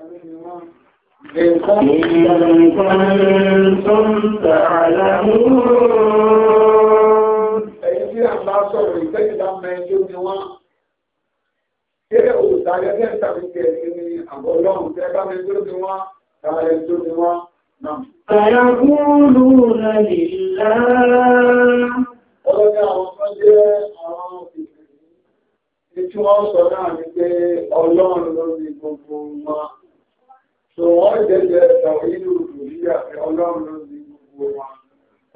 إن كنتم تعلمون أي شيء الله tó ní wọ́n, tààrẹ tó ní wọ́n náà. فيقولون لله Ọlọ́dá jẹ́ àwọn ìpìlẹ̀ tí sọ náà ní pé ọlọ́run ló ní gbogbo wọn. So wọ́n jẹ́jẹ́ ẹ̀sọ̀ inú ìrìyà pé ọlọ́run ló ní gbogbo wọn.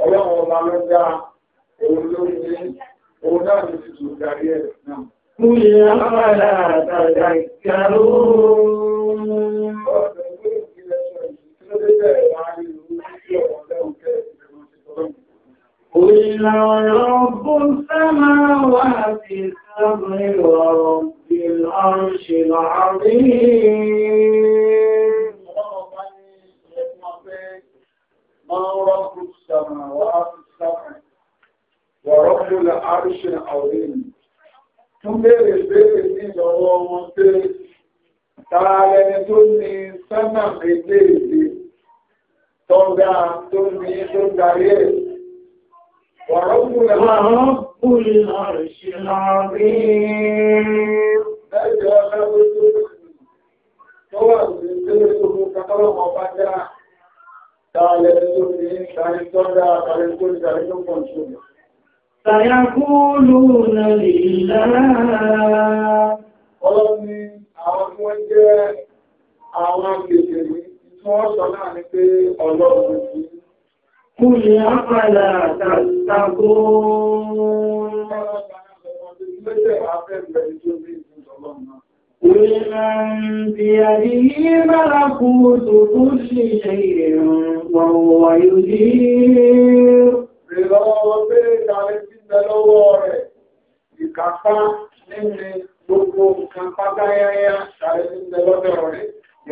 Ọlọ́run ọba ló dá òun ló ní òun náà ló ti tò darí ẹ̀ náà. Kúlì àmàlà àtàjà ìkàrò. Ọ̀sẹ̀ ló ń gbé ẹ̀sọ̀ ìṣẹ́lẹ̀ ẹ̀wà nínú ìṣẹ́ ọ̀lẹ́ قل رب السماوات السبع من رب السماوات السبع ورب العرش العظيم tún béèrè béèrè ní ìlọ́wọ́ wọn pé tàà lẹni tó ní sánà méjèèjì tọ́gá tó ní tó darí ẹ̀ wọ̀rọ̀ Tààlẹ̀ tó fi ń tààrí tó dáa tààrí tó ní tààrí tó pọ̀ ṣe. Sàyàkúlù nà lè lára. Ọlọ́run ni àwọn tí wọ́n jẹ́ àwọn kèfèrè tí wọ́n sọ náà ní pé ọlọ́run ti. Kúlì ápàlà tàbí Ọlọ́run قل من بيده ملكوت كل شيء وهو يدير Ìkàpá nínú gbogbo nǹkan pátáyáyá ṣàrẹ́sí ìdẹ̀lọ́dẹ̀ ọ̀rẹ́.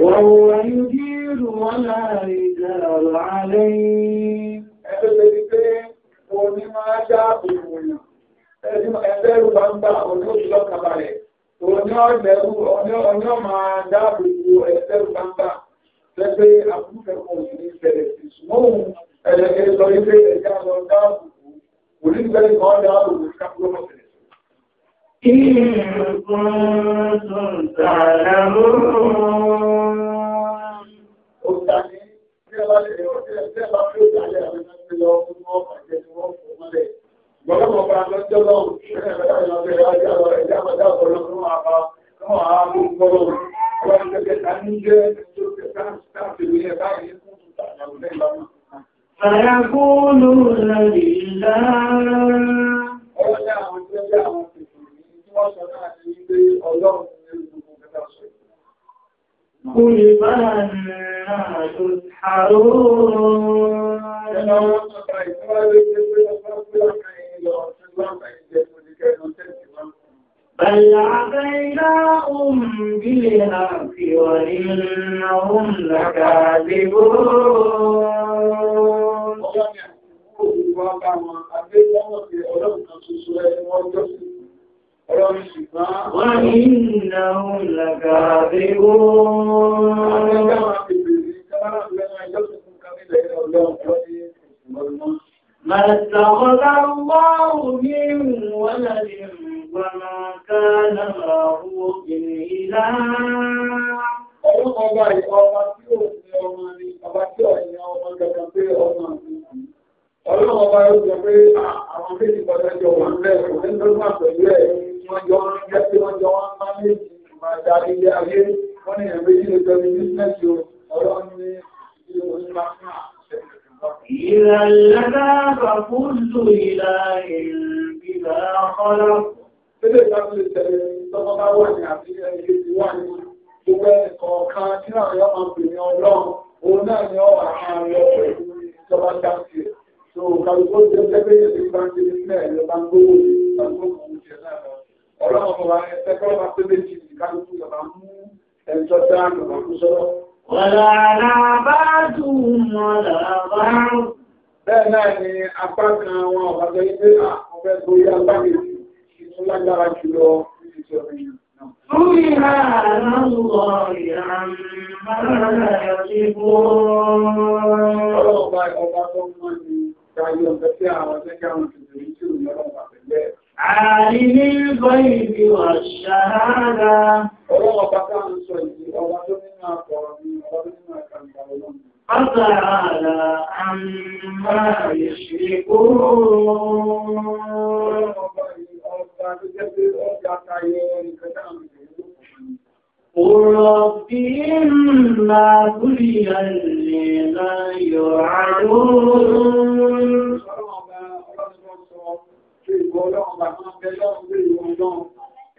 Wọ́n wà ní gírù wọ́n láàrin ìdẹ̀lọ́rọ̀ alẹ́ yìí. Ẹgbẹ́ lè rí pé oní máa dáàbò ìwòyàn. Ẹgbẹ́ rú bá ń bá oní òṣìlọ́kàbalẹ̀. Òní ọ̀lẹ́rú ọ̀ní ọmọ dáàbò ìwò ẹ̀sẹ̀rù pátá lẹ́gbẹ́ àbúfẹ́kùn òní ìfẹ̀rẹ̀ sí ṣùgbọ́n ẹ̀lẹ́gẹ́ sọ ilé ẹ̀yà lọ dáàbò onígbẹ̀rẹ̀ kan dáàbò ìkápọ̀lọ́pọ̀ tẹ̀lẹ̀. Ìrìnkùn tó tààlà ó tàní tí gbọ́dọ̀ fara lọ́jọ́ lọ́wọ́ ẹ̀ẹ́dẹ́gbẹ̀rẹ́ ọ̀rẹ́ ìjà àmọ́dá ọ̀pọ̀lọpọ̀ fún àpá fún àábò gbọ́dọ̀ wọ́n ń gẹ́gẹ́ ta ní jẹ́ tó kẹta láti rí ẹ̀bá yìí fún ìtàkùn àwọn ọ̀rẹ́ ìlànà. Àyàkúlù lórí lára. Ọjọ́ àwọn tí ó jẹ́ àwọn tìtìrì tí wọ́n sọ náà ní ilé ọlọ́run ní ìlú kẹta sọ. Kúlì bá náà tó àrùn. Ẹ̀nà wọn sọ بل أم بالحق وإنهم لكاذبون وإنهم لكاذبون ما اتخذ الله من ولد وما كان معه من إله Ọdún ọba ìwọ ọmọ tí ó ní ọmọ ni, ọba tí ó ní ọmọ gẹ̀gẹ̀ pé ọmọ àti ọlọ́run ọba yóò sọ pé àwọn méjì pàtàkì ọmọ ń bẹ̀rẹ̀ kò ní lọ́gbà pẹ̀lú ẹ̀ wọ́n jọ ń jẹ́ pé wọ́n jọ wọ́n máa méjì máa da ilé ayé wọ́n ní ẹ̀mẹ́jì lè jọ ní bísínẹ́sì ọlọ́run ní ìlú ìlú إذا لذاب كل إله بما خلق Ilé ìdájọ́ ìtẹ̀lé tọ́kọ́ bá wà ní àti ẹni tí wà ní gbogbo ẹ̀kọ̀ọ̀kan tí àwọn ọmọ obìnrin ọlọ́run, òun náà ni ọwà àárín ọ̀pẹ̀ ìjọba dáńtì ẹ̀. So, kàlùkò tí ó jẹ́ pé èdè bá ń gbé nílẹ̀ ẹ̀rọ bá ń gbówó ní méjì ní kàlùkù yọ̀ bá mú ẹ̀ńtọ́ dáàbò kú sọ́rọ́. Wọ̀lá aláàbá dùn mọ́lá bá rùn. Bẹ́ẹ̀ náà ni apá kan wọn ọ̀gbàgbẹ́ ilé àkọ́fẹ́ ah, tó yá bá lè fi ìtúnlágbára jùlọ ní ìjọba yìí. Lórí ààrùn lọ ìrànmọ́lá ìbò. Ọlọ́ọ̀bá ọba tó mọ́ ni, káyọ̀ ọ̀gbẹ́ tí àwọn tẹ́kẹ́ àwọn tìtìrí tí ò ní ọlọ́pàá pẹ̀lẹ́. عالم الغيب والشهادة ọlọ́wọ́ pàtà ń sọ ìdí ọwọ́ tó nínú àpọ̀ ọmọ nínú àkàndà ọlọ́run. Fátàrà gúrí àlè náà yọ̀ àdó. Ọlọ́wọ́ ṣe ìwọ ọlọ́run bá máa bẹ lọ́run lé ìwọ ọlọ́run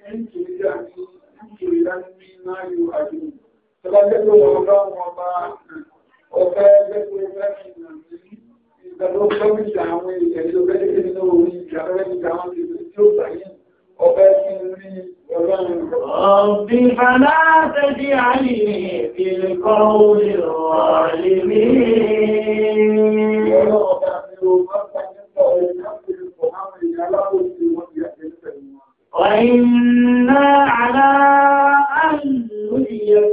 ẹni tó yà ní nítorí láti ní náà yóò àjò tọ́lá jẹ́ pé wọ́n ọlọ́run ọba ọ̀fẹ́ jẹ́ pé ó fẹ́ fi nà sí ìgbàlọ́ gbọ́mìtì àwọn èèyàn tó fẹ́ lé nínú orí ìgbàlọ́rẹ́ nígbà wọn ti fi tí ó sàyìn ọ̀fẹ́ fi rí ọlọ́run. Ọ̀bí Fàlá tẹ́jú àyè ìfìlẹ̀kọ́ òní ọ̀rẹ́ mi. Ọlọ́run ọba mi ò bá وإنا على أن نريك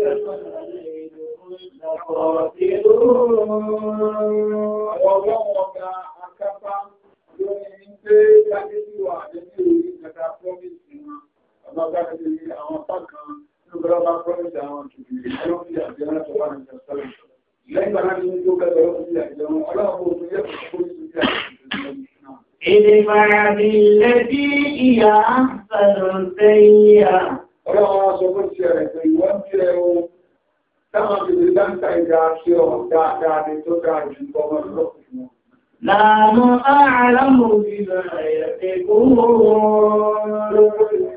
Lẹ́gbàá ní ojú ọgbẹ́gbẹ̀rẹ́ òfin ìyàjẹun, ọlọ́run òfin yẹ́ kò kó ìsúnjẹ́ àti ìsúnjẹ́. Ìdìmọ̀ràn ìlẹ́bí ìyá sọ̀rọ̀ sẹ́yà. Ọlọ́run aṣọ bó ti ẹ̀rẹ̀ pé ìwọ́n ti ẹ̀ o. Táwọn bèbè dáńtà ìdá ṣe ọ̀ dáadáa ni tó dáa jù ọmọ lọ́pọ̀ wọn. Láàmú àárọ̀mù ìlú ẹ̀yẹ̀ pé kó wọ́n. Ọlọ́run kúlẹ̀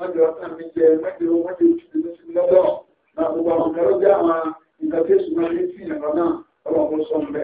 mọ́jọ ọ̀sán mi jẹ mọ́jọ mọ́jọ ìṣúná sí lọ́dọ̀ náà gbogbo àwọn ọmọ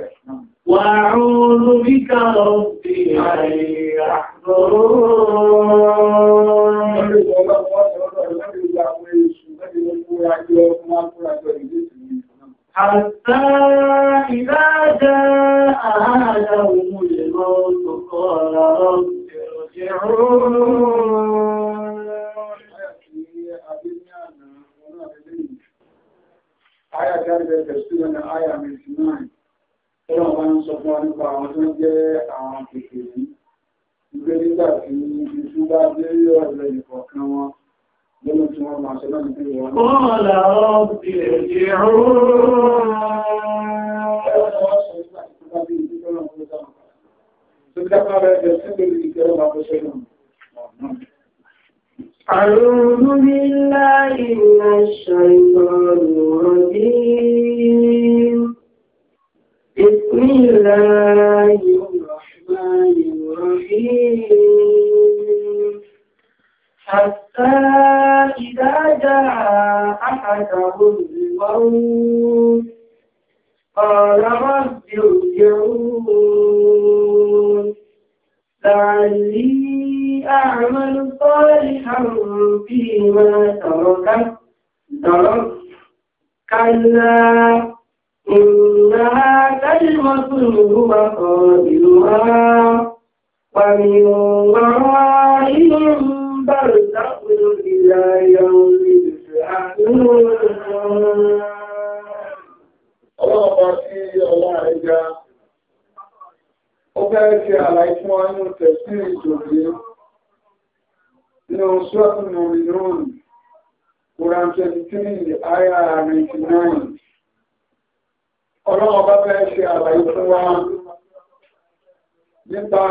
Aya tí a bẹ̀rẹ̀ tẹ̀síwò ní Aya Mẹ́sì náà. Ọlọ́run bá ń sọ fún wa nípa àwọn tó ń jẹ́ àwọn kèké yìí. Ìgbé nígbà tí iṣu bá dé ọ̀rẹ́ ìkọ̀ọ̀kan wọn. Lọ́nà tí wọ́n máa ṣe náà nígbà wọn. Wọ́n là ọ́ bìrẹ̀ jẹ́ òórùn. Ẹ̀rọ wọn sọ nígbà tí wọ́n bá bí ìdíjọ́ náà أعوذ بالله من الشيطان الرجيم بسم الله الرحمن الرحيم حتى إذا جاء أحدهم الموت قال رب ارجعون لعلي أعمل صالحا فيما تركت ترك كلا إنها كلمة هو قائلها ومن ورائهم برزخ إلى يوم يبعثون Ọlọ́run bá sí ọlá ẹja, ó bẹ́ẹ̀ ṣe àlàyé fún wa nínú tẹ̀sí ìjòyè nínú ṣúwọ́pù mọ̀mìnún Quran 23 aya 99 ọlọ́wọ́ bá fẹ́ ṣe àlàyé fún wa nípa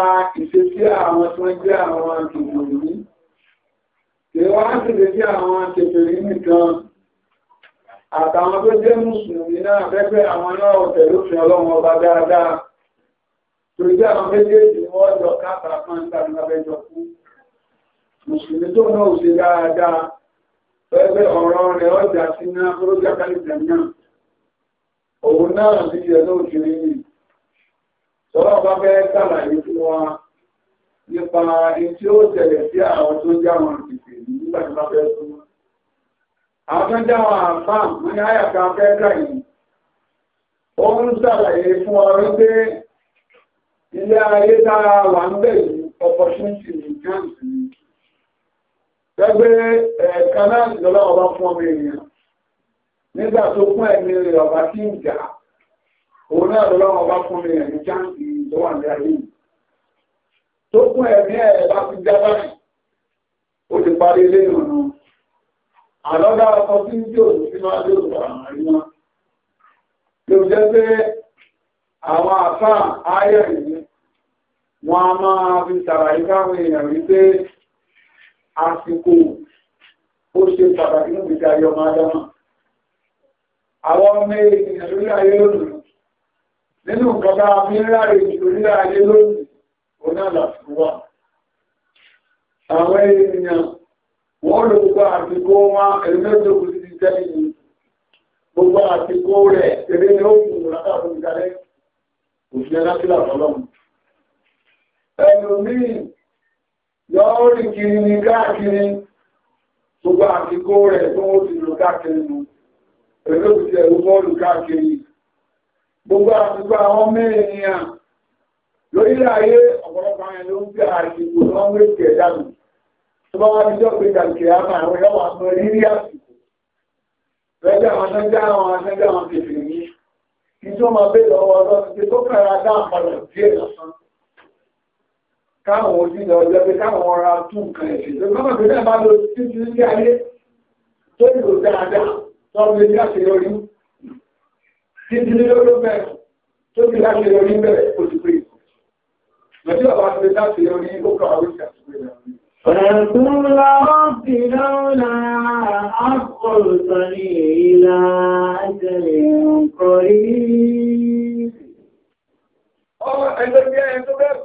ìṣesí àwọn tí wọ́n jẹ́ àwọn kèfèrí ìwọ́ láti lè jẹ́ àwọn kèfèrí nìkan àtàwọn tó jẹ́ mùsùlùmí náà fẹ́fẹ́ àwọn náà ọ̀tẹ̀ ló fi ọlọ́run ọba dáadáa torí jẹ́ àwọn méjèèjì wọ́n jọ káàkiri kan tàbí abẹ́jọ fún mùsùlùmí tó náà ṣe dáadáa pẹ́pẹ́ ọ̀rọ̀ rẹ̀ ọjà sí náà kọ́lọ́jà kálíjà náà òun náà sí ilẹ̀ náà kiri yìí sọ́wọ́ bá fẹ́ sàlàyé fún wa nípa ẹni tí ó tẹ̀lẹ̀ sí àwọn tó já wọn nígbà tí wọ́n fẹ́ fún wọn. àwọn ni àyàká fẹ́ kà yìí ó ń sàlàyé fún wa wípé ilé ayé dára wà ń bẹ̀ Gbẹ́gbẹ́ ẹ̀ẹ̀ka náà lọ́lá ọba fún ọmọ ènìyàn. Nígbà tó fún ẹ̀mí rẹ̀ ọba tí ń jà, òun náà lọ́lá ọba fún mi ẹ̀mí jáǹkì tó wà ní ayé yìí. Tó fún ẹ̀mí ẹ̀ bá ti já báyìí, ó ti parí ilé ìrànà. Àlọ́dá ọkọ̀ tí ń jò sínú adé òṣùpá àárín wọn. Ló jẹ́ pé àwọn àfáà ayẹ̀ yìí, wọ́n á máa fi tàràyíká àwọn èèyàn wípé àsìkò ó ṣe pàtàkì ní ìgbésí ayé ọmọ adámà àwọn ọmọ ènìyàn lórí ayé lónìí nínú nǹkan bá a fi ń ráre lórí ayé lónìí òun náà làsìkò wà àwọn ènìyàn wọ́n lò gbogbo àsìkò wọn ẹ̀rẹ́mẹ́jọ́kù sí tẹ́lẹ̀ gbogbo àsìkò rẹ̀ eré ni ó látàkùn ìdálẹ́ òṣìṣẹ́ lápílà fọlọ́mù ẹlòmíì yọ́ rí kiri ní káàkiri gbogbo àfikó rẹ̀ tó wọ́n ti lò káàkiri nù pẹ̀lú òṣìṣẹ́ ìwọ́lù káàkiri gbogbo àfikó àwọn mẹ́rin ni à lórílẹ̀ ayé ọ̀pọ̀lọpọ̀ àwọn ẹ̀lú ń gbé àsìkò tó ń rí kẹ̀ dànù tó bá wá ní jọ́ pé dànkẹ̀ àmà àwọn ẹ̀wà sọ rírí àsìkò lọ́jọ́ àwọn aṣẹ́gbẹ́ àwọn aṣẹ́gbẹ́ àwọn kèfèrè yìí kí tó máa bẹ́ẹ̀ lọ́wọ́ ọlọ́run tó kàrà dáàmọ́lọ̀ díẹ̀ lọ́sán káwọn ojúlọ ọjọ́ pé káwọn ọra tún nǹkan ẹ̀sìn tó kọ́mọ̀ tó náà bá lọ títí ní ayé tó lò dáadáa tó ń lè ní àṣeyọrí títí ní lọ́dọ́ tó ti láṣeyọrí bẹ́ẹ̀ kò sì pé lọ́jọ́ bá ti láṣeyọrí ó kà wá wíṣà sí pé فَيَقُولُ رَبِّ لَوْلَا أَخَّرْتَنِي إِلَىٰ أَجَلٍ قَرِيبٍ Ọmọ ẹgbẹ́ bí ẹ̀ tó bẹ́ẹ̀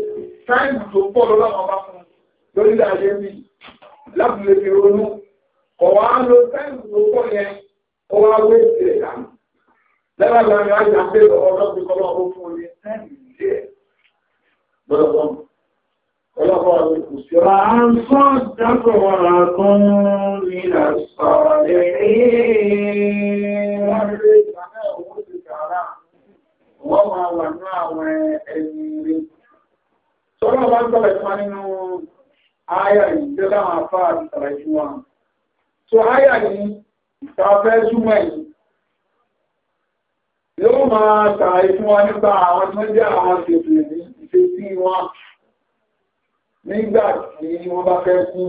táìmù tó pọ̀ lọ́lọ́wọ́ bá fún lórílẹ̀ ayé mi lábúlé fi ronú ọ̀wá lo táìmù tó pọ̀ yẹn ó wá wé sí ẹ̀dá lẹ́wà láàrin àjà pé ọlọ́pìn kọ́lọ́ ọ̀hún fún oye táìmù díẹ̀ lọ́dọ̀ Ọlọ́pàá rẹ̀ kò sí ọ̀rọ̀. À ń sọ́ dákọ̀ wọ́ra kan ní àṣọ̀rọ̀ lẹ́rẹ́. Wọ́n rí ìgbà náà owó ti kàrà. Wọ́n máa wà ní àwọn ẹni rẹ̀ sọ́dọ̀ bá ń sọ̀rọ̀ ìfún wa nínú àyà yìí tí ó dáhùn afá àti sọ̀rọ̀ ìfún wa so àyà yìí ìta fẹ́ súnmọ́ yìí yóò máa sàárè fún wa nípa àwọn tó jẹ́ àwọn ṣètò ìṣesí wọn nígbà tí wọ́n bá fẹ́ kú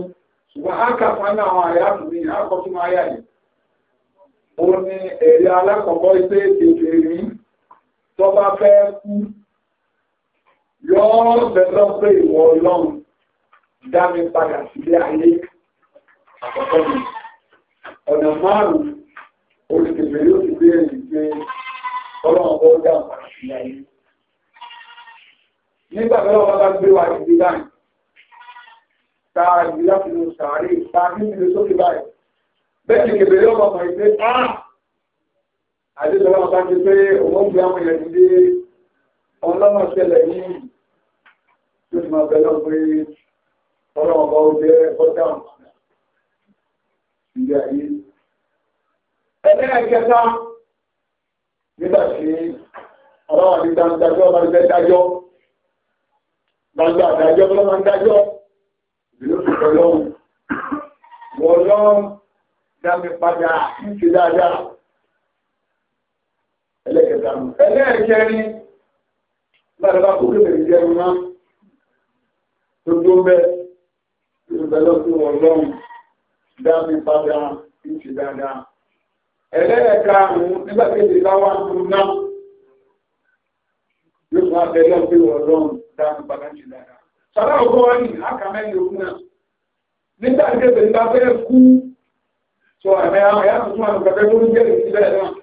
ṣùgbọ́n a kà fún àwọn àyà mi àkọ́tún àyà yìí ó ní ẹ̀rí alákọ̀ọ́kọ́ pé ètò èrí tó bá fẹ́ kú yóò bẹ̀rẹ̀ pé ìwọ ọlọ́run dá mi padà sílé ayé àkọ́kọ́ mi ọ̀nà márùn-ún olùkèfè yóò ti gbé ẹ̀yìn pé ọlọ́run bọ́ dá mi padà sílé ayé nígbà tó lọ́wọ́ bá gbé wa ìdí báyìí ta ìdí láti lo sàárè ta nílùú sókè báyìí bẹ́ẹ̀ ni kèfè yóò mọ̀ ìpé áà àdéjọba bá ti pé òun gbé àwọn ìyẹn ti dé ọlọ́run ṣẹlẹ̀ yìí máa bẹ̀rẹ̀ lọ́wọ́ pé ọlọ́wọ́ bá ó jẹ́ ọjà ìyá yìí. Ẹgbẹ́ kẹta nígbà tí ọlọ́wọ́ ti dá dájọ́ bá fẹ́ dájọ́ gbangba dájọ́ ló máa ń dájọ́ ìlú ìfẹ́ lọ́wọ́. Wọ́n lọ́ dámi padà ń ṣe dáadáa. Ẹlẹ́kẹta. Ẹlẹ́kẹrin. Lára bá kó jẹ́ wọn gbogbo mbẹ ìrùbẹ̀lọ́ sí wọn lọ́rùn dá mi padà ìṣe dáadáa. ẹlẹ́ẹ̀ka àwọn nígbà tí ń dùn náà yóò fún abẹ́lọ́ sí wọn dá mi padà dáadáa. sàrà ọgbọ́n òkú náà nígbà tí bá fẹ́ kú sọ àmì àwọn ẹ̀yà tuntun àti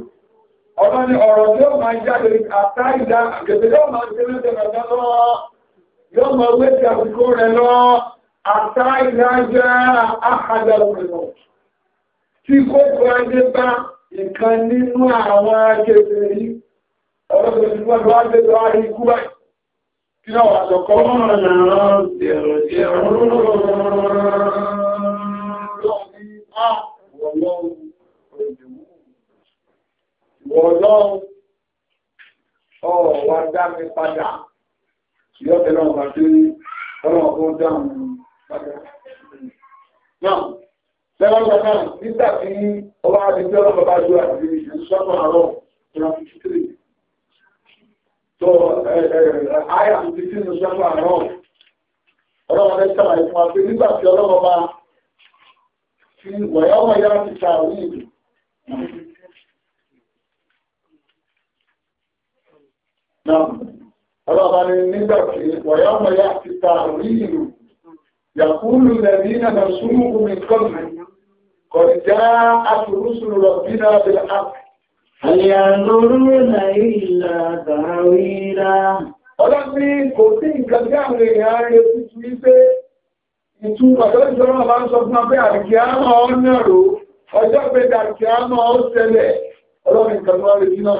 ọmọ ni ọ̀rọ̀ tí ó máa jáde àtà ìdá àgbẹ̀tẹ̀ yóò máa ṣe lẹ́sẹ̀ mẹ́ta lọ yóò máa wé ti àsìkò rẹ̀ lọ àtà ìdá jẹ́ àkàdà òmìnira tí kò kọ́ ajé bá ìkan nínú àwọn akẹ́kẹ́ ọ̀rọ̀ tó ti wọ́n lọ́wọ́ Ọlọ́run ọ̀wà dá mi padà. Ìyọ́tẹ̀ náà bá tí ọlọ́run tó dáhùn padà. Náà, lẹ́wọ́n lọ náà, nígbà tí ọba àti tí ọlọ́run bá jọ àti ìṣọ́nà àárọ̀ bá fi wọ̀yọ́wọ̀ ti ìlú. ọlọ́ba ni nígbà tí wọ̀yọ́mọ̀ yá ti ta orí ìlú yàkúlù lẹ́bínà na súnmù omi kọ́lù kọjá àtúrúsùn rọ̀bínà bẹ̀rẹ̀ àpì. Àyàndòrúnà ìlà bá ń sọ fún abẹ́ rò ọjọ́ pé ọlọ́rin kan tó wá lè náà.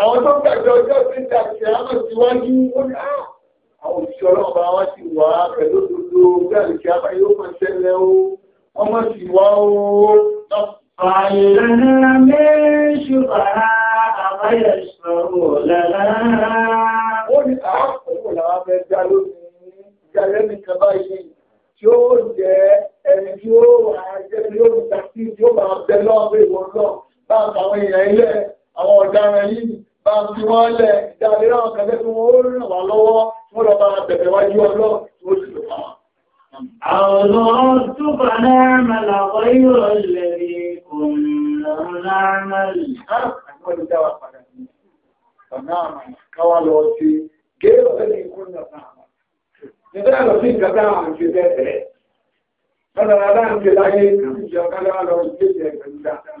àwọn tó gbàgbé ọjọ́ tí ń tàbí àmọ̀ síwájú wọn ní ah, àwọn òṣìṣẹ́ ọlọ́run bá wọ́n sì wá pẹ̀lú òdodo bí àlùkí àbá yóò máa ṣẹlẹ̀ o wọ́n máa sì wá o ààyè lọ́nà méjì bàrá àbáyọ̀ ìṣòro lọ́la. ó ní àákòókò ah, làwọn fẹ́ dá lónìí ìjàlẹ́ nìkan báyìí tí ó jẹ́ ẹni tí ó wà á jẹ́ ní olùdásí tí ó máa bẹ lọ́ọ́ pé ìwọ náà bá àwọn èèyàn ilẹ̀. àwọn ọ̀daràn yìí bá ń fi wọ́n lẹ̀ ìdálérà ọ̀kan tẹ́ tí wọ́n rìn wá lọ́wọ́ tí wọ́n lọ bá bẹ̀rẹ̀ wájú ọlọ́ tí wọ́n sì lọ pa wọn. Àwọn túbà náà mẹ́lá ọ̀yọ́ lẹ́rí kùn náà mẹ́lì. Àwọn ìdá wà padà sí ọ̀nà àmà káwà lọ sí gẹ́rọ ẹni kún náà. Nígbà lọ sí ìgbàgbà àwọn ìṣẹ́ bẹ́ẹ̀ bẹ́ẹ̀. Ọ̀nà àdáǹkè láyé ìjọba lọ́wọ́ lọ sí ìjẹ́ pẹ̀lú dáadáa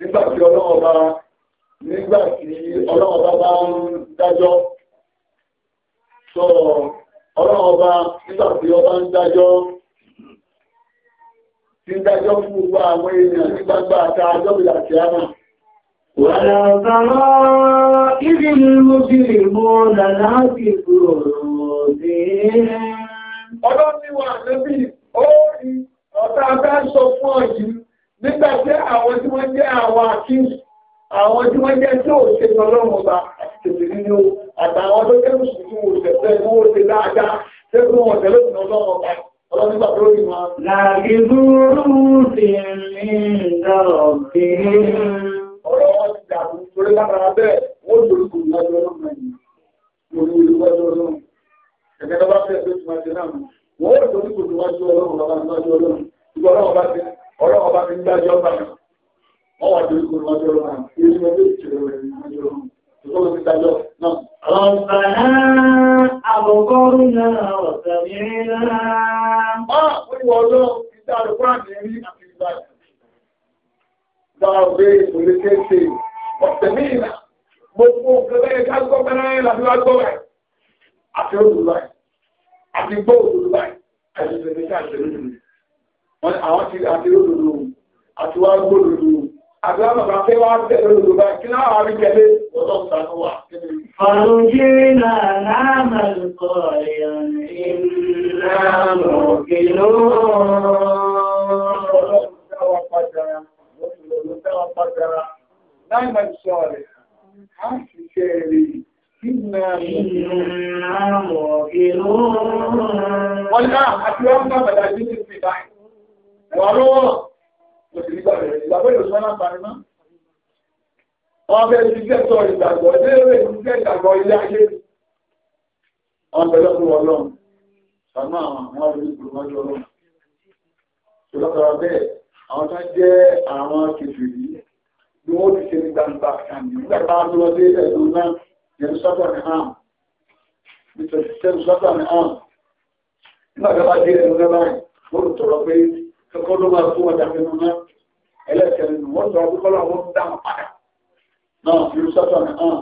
nígbà tí ọlọ́wọ́ bá nígbà tí ọlọ́wọ́ bá bá ń dájọ́ sọ ọlọ́wọ́ nígbà tí ọba ń dájọ́ tí ń dájọ́ fún gbogbo àwọn èèyàn ní gbangba àti tí a mọ̀. Ọlọ́ni wà ó rí ọ̀tá bá sọ fún nígbà tí àwọn tí wọ́n jẹ́ àwọn àkíyèsí àwọn tí wọ́n jẹ́ tí ò ṣe lọ́lọ́run ọba àti nínú àtàwọn tó jẹ́ mùsùlùmí wò ní wọ́n ṣe dáadáa tẹ́ fún wọn tẹ̀lé ìrìn ọlọ́run ọba ọlọ́nígbà tó rí wọn. Làbí sí ní ìdọ̀rọ̀ sí. ti dàbí torí lára bẹ́ẹ̀ wọ́n lórí ní ọjọ́ tó bá ọlọ́run ọlọ́wọ́ bá fi ń gbájọ́ bá wọ́n wà lórí kúrò wájú ọlọ́wọ́ náà èyí ni wọ́n tẹ̀lé rẹ̀ wájú ọlọ́wọ́ ìtọ́lọ́ ti dájọ́ náà. Ọ̀bàná àbọ̀kọ́rù náà ọ̀sẹ̀ mìíràn. Máa wọ́n wọ́n lọ ìdá àrùkúrà ní rí àti ìgbà. Dáa gbé ìpòlé kéèké ọ̀sẹ̀ mìíràn. Gbogbo òkèlè kágbọ́ mẹ́rin láti wá gbọ́ rẹ̀. Àti òdùlọ́ àti gbọ́ òdùlọ́ àti ìgbẹ̀rẹ̀ káàkiri àwọn ti àti lódodo àti wá gbódodo àti wá bàbá fẹ́ wá tẹ̀ lódodo báyìí kí náà wà rí tẹ̀lé lọ́dọ̀ ìsànú jí náà náà máa ń kọ́ ẹ̀yàn ìlànà òkèlú. ọlọ́run táwa ah, padà àti wọ́n ń bá bàdà nínú ẹ̀wà lọ́wọ́ mo sì nígbà bẹ̀rẹ̀ ìgbàgbọ́ yóò sọ́nà àǹfààní mọ́. wọ́n fẹ́ ti jẹ́ sọ ìgbàgbọ́ ilé ìwé ìgbẹ́ ìgbàgbọ́ ilé ayé wọ́n bẹ̀rẹ̀ fún ọlọ́run sàmà àwọn olórí ìgbìmọ̀jọ ọlọ́run. ìlọ́kọ̀rọ̀ bẹ́ẹ̀ àwọn tó ń jẹ́ àwọn kìfìrí ni wọ́n ti ṣe ní gbangba kàní nígbà tá a lọ sí ẹ̀dùn náà yẹn sọ́tọ̀ ní hàn nítorí sẹ́nu sọ́tọ̀ ní kọ́kọ́ ló máa tó ọjà nínú náà ẹlẹ́sẹ̀ nínú wọ́n sọ ọdún kọ́lá wọn dá wọn padà náà fi ń sọ́tọ̀ ní hàn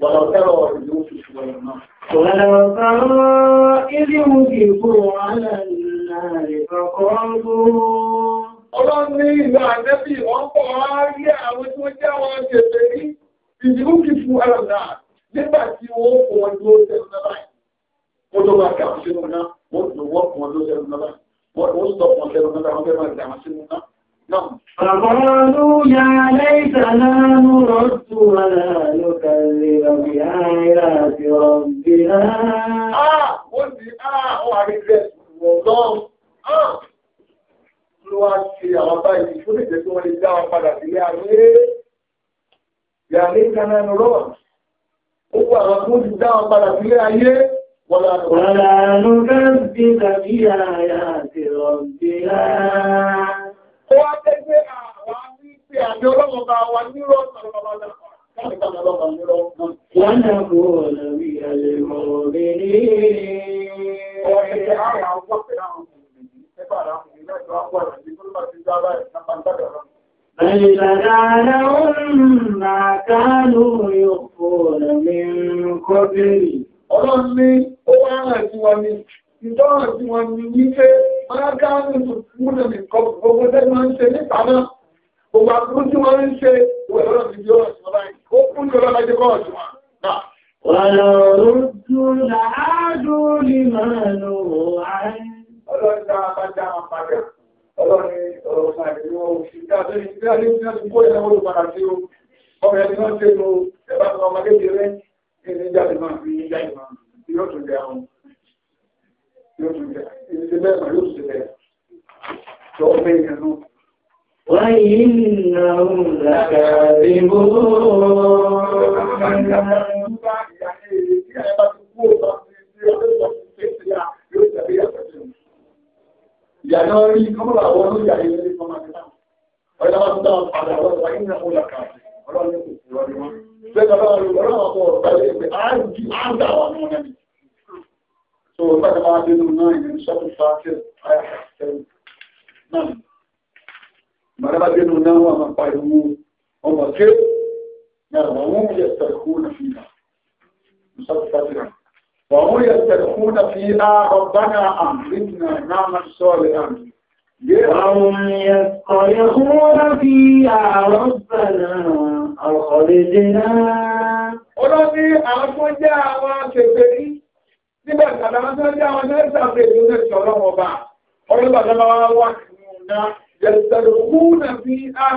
wọ́n lọ tẹ́lọ̀ ìlú fi ṣùgbọ́n náà. Wọ́n lọ sọ́rọ̀ ilé ìwé ìfọ̀kọ́ Ọlọ́run ní ìlú àdẹ́bì wọ́n pọ̀ فقالوا يا ليتنا نرد ولا نكذب بآيات ربنا آه قلت آه وعليك والله آه ló wá ṣe àwọn báyìí fún ìjẹ́ tí wọ́n lè dá wọn padà sílé ayé yàrá ìkànnà ẹnu rọ́ọ̀ ó ولا نكذب بآيات ربنا Ó wá tẹ́ pé àwọn àmì pé àmì ọlọ́run bá wa nírọ̀ sọ̀rọ̀ bàbá náà. ونقول من المؤمنين بل بدا لهم ما كانوا يخفون من قبل ọlọ́run ní ó wá hàn sí wọn ni ìtọ́ràn sí wọn ni wípé alágáàmì múlẹ̀ nìkan gbogbo tẹ́ máa ń ṣe nípa náà gbogbo àbúrú tí wọ́n ń ṣe ìwé ọlọ́run ti di ọ̀rọ̀ sí wọn báyìí ó kún jọ lọ́la jẹ́ kọ́ọ̀sì wọn náà. Ọlọ́run dáadáa padà padà. Ọlọ́run ilé jáde ọmọ èèyàn náà. Wáyé nà ń làkàrí mú. Ìyàná rí kọ́mọ́lá àwọn So the Fẹ́ta bá rí ọ̀rọ̀ àwọn ọ̀pẹ̀lẹ̀ ìpẹ̀ àájú àdáwọn ní ọ̀nà. So, ìpàdé máa dínú náà ìrìn ṣọ́pù fàákẹ́ àyàkẹ́ náà. Màrẹ́bá dínú náà wà máa pa ìwú ọmọ ké náà wọ́n mú yẹ tẹ̀kú na fi hà. Ṣọ́pù fàákẹ́ náà. Wọ́n mú yẹ tẹ̀kú na fi hà ọ̀bánà àmìlínà náà máa sọ́ọ̀lẹ̀ àmì. Yẹ́ àwọn yẹ Àkọ̀lẹ́dẹ́rá. Olóbi àwọn tó jẹ́ àwọn aṣèpè rí. Nígbà tàbí àwọn tó jẹ́ àwọn mẹ́ta pẹ̀lú ẹ̀ṣọ́ ọlọ́wọ́ bá. Ọlọ́bà tọ́lá wá wà nínú ọ̀dá. Yẹ̀sẹ̀rọ̀ kúrú nà fi á.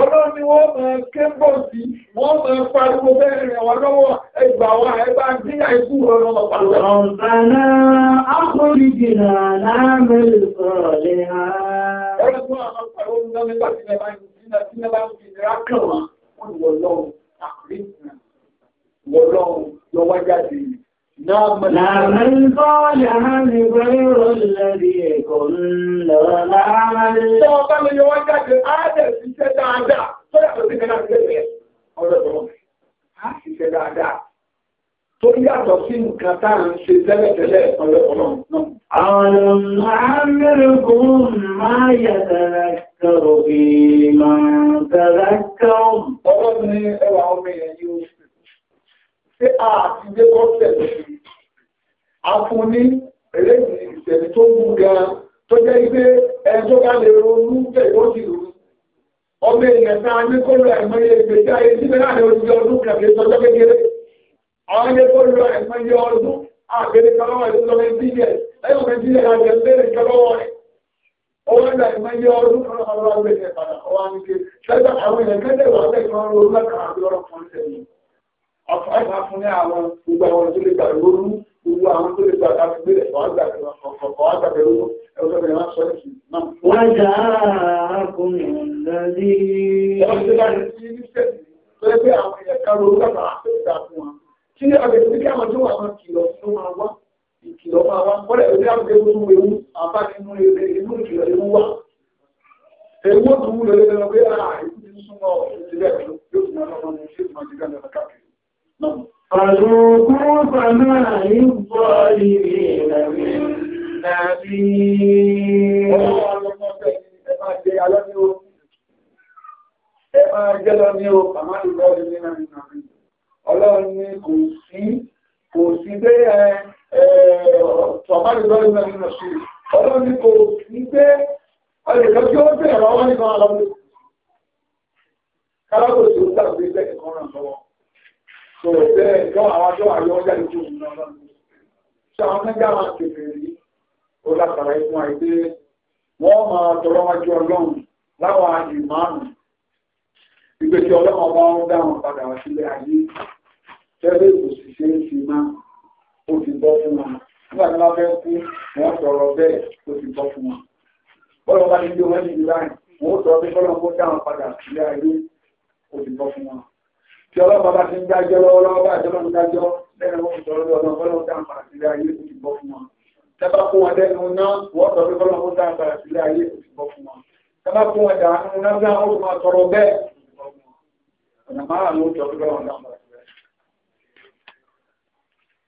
Ọlọ́ni wọ́n máa ké bọ̀ sí. Wọ́n máa pariwo bẹ́ẹ̀ rẹ̀ wọ́n lọ́wọ́ ẹgbà wa ẹgbà wọlọ́run àkùrí wọlọ́run yọ wá jáde Láàrín bọ́ọ̀lẹ̀ àmì gbẹ́rọ Àwọn àmì rẹ̀ máa yàtọ̀ rẹ̀. يذكر فيما تذكر ọlọ́ni ẹwà ọmọ èèyàn yóò ṣe àti gbé bọ́sẹ̀ afúnni eléyìí ìṣẹ̀lẹ̀ tó mú ga tó jẹ́ pé ẹni tó bá lè ronú tẹ̀ yóò sì rú ọmọ èèyàn tá a ní kó lọ ẹ̀mọ́ iye ìgbésí ayé tí bẹ́ẹ̀ láàrin ojú ọdún kàbí sọjọ́ kékeré àwọn ilé kó lọ ẹ̀mọ́ iye ọdún àgbẹ̀rẹ̀ kan lọ́wọ́ ìlú lọ́wọ́ ìdílé ẹ̀yọ̀ mẹ́tílẹ̀ àjẹ́ bẹ́ẹ̀ kan lọ́wọ́ rẹ̀ owó ìgbà tí wọ́n yẹ ọdún kan lọ́wọ́ lọ́wọ́ gbé ẹ̀ padà ọwọ́ ní pé ṣẹ́gbà àwọn èèyàn kẹ́lẹ́ wà bẹ́ẹ̀ tí wọ́n ro lọ́kàn àbí ọ̀rọ̀ kan sẹ́yìn ọ̀fọ̀ ẹ̀fà fún ní àwọn gbogbo àwọn tó lè gbà lóru gbogbo àwọn tó lè gbà láti gbé ẹ̀ fọ́ àgbà fọ́ àgbà pẹ̀lú ẹ̀rọ tó lè máa sọ ẹ̀sìn náà. wọ́n já àkùnrin lọ́dí. ọ̀sẹ̀ tí wọ́n ti ìkìlọ̀ máa wá kọ́lẹ̀ orí àwùjọ ewu ewu àbáni inú ìkìlọ̀ ewu wá ewu tó wúlò lé ah, lọ súnmọ́ ìdílé ẹ̀kọ́ yóò fi máa lọ́wọ́ ní ṣé ìmọ̀ ìdílé ẹ̀kọ́ káàkiri. Àlùkún sàmà ìbọ̀ ìrì ìrẹ̀mí nàbí. Ọlọ́run ọlọ́mọdé ẹ máa kò sí pé ọ̀bánidọ́lẹ́gbẹ̀rẹ̀ ọrụ sí ọlọ́run ní kò sí pé ọlẹ́kọ́ tí ó bẹ̀rẹ̀ ọwọ́ nípa ọlọ́run kálákò tí ó tàbí bẹ́ẹ̀ kan ràn lọ́wọ́ so bẹ́ẹ̀ yọ àwọn tẹ́lẹ̀ kò sì ṣe é fi máa ó ti bọ́ fún wa nígbà tí wọ́n fẹ́ kú wọ́n sọ̀rọ̀ bẹ́ẹ̀ ó ti bọ́ fún wa bọ́lọ̀ bá ti gbé wọ́n ní ìlànà wọ́n sọ pé bọ́lọ̀ kó dáhùn padà sílé ayé ó ti bọ́ fún wa tí ọlọ́pàá bá ti ń dájọ́ lọ́wọ́lọ́wọ́ bá àjọ́lọ́ ń dájọ́ lẹ́nu wọ́n sọ̀rọ̀ lọ́wọ́ bọ́lọ̀ dáhùn padà sílé ayé ó ti bọ́ fún wa tẹ́bá fún wọn lẹ́nu náà wọ́n sọ pé bọ́lọ̀ kó dáhùn padà sílé ayé ó ti bọ́ fún wa tẹ́bá fún wọn dàánú náà bí àwọn olùmọ̀ sọ̀rọ̀ bẹ́ẹ̀ ọ̀nà márùn-ún ó jọ bí bọ́lọ̀ dáhùn padà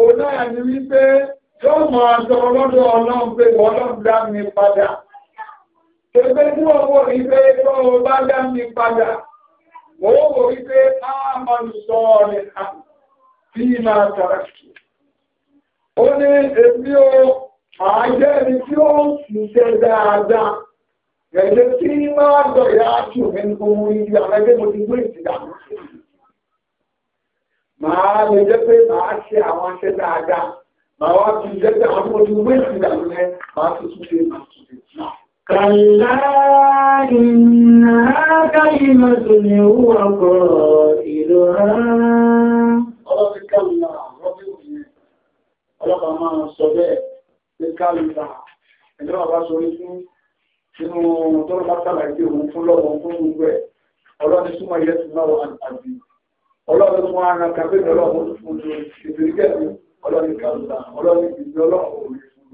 òun náà ni wípé yóò mọ̀ ọjọ́ ọlọ́dọ̀ ọlọ́run pé ọlọ́run dá mi padà. Ṣèpé tí owó rí pé tó o bá dá mi padà, mo wò rí pé á máa ń sọ ọ̀rẹ́ àmì tí máa tàrà kì. Ó ní èmi o, màá jẹ́ ẹni tí ó ń ṣiṣẹ́ dáadáa. Gẹ̀gẹ́ tí máa dọ̀yà tù mí ohun ìyá rẹ̀ pé mo ti gbé ìsìdá màá lè jẹ́ pé màá ṣe àwọn aṣẹ́ dáadáa màá wá fi jẹ́ pé àwọn tó wé ìgbà lónìí màá tó tún ṣe màá tó ṣe náà. Kàlá ìnáà káyí mọ́tò ni owó ọkọ̀ ìlú rárá. Ọlọ́pẹ́ kàlá rọ́bí òní ọlọ́pàá máa sọ bẹ́ẹ̀ pé kàlá ẹ̀dọ́ bàbá sọ orí fún nínú tọ́lọ́pàá sàlàyé òun fún lọ́wọ́ fún gbogbo ẹ̀ ọlọ́ni súnmọ́ ilẹ̀ tún náà wà àbí ọlọ́run tó wá ara kàfé ní ọlọ́run fún lórí ìgbèríkẹ́lú ọlọ́run kàmùnà ọlọ́run ìgbè ọlọ́run orí fún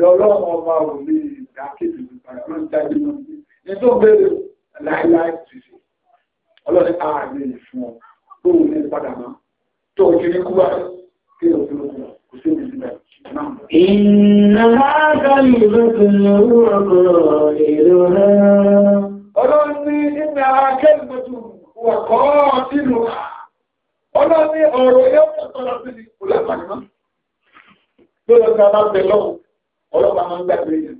lórí ọlọ́run ní tó béèrè láíláí tìṣe ọlọ́run ààrẹ lè fún ní padà náà tó o kiri kí o fi lókun kò sí ibi síbẹ̀. إن ọlọ́run ní ìgbà akẹ́lùmọ́tò wà kọ́ sínú ọlọ́run ní ọ̀rọ̀ yóò tọ́lọ́ sí ní kò lápàdé mọ́ lórí ọ̀gá máa ń bẹ lọ́wọ́ ọlọ́pàá máa ń gbàgbé yẹn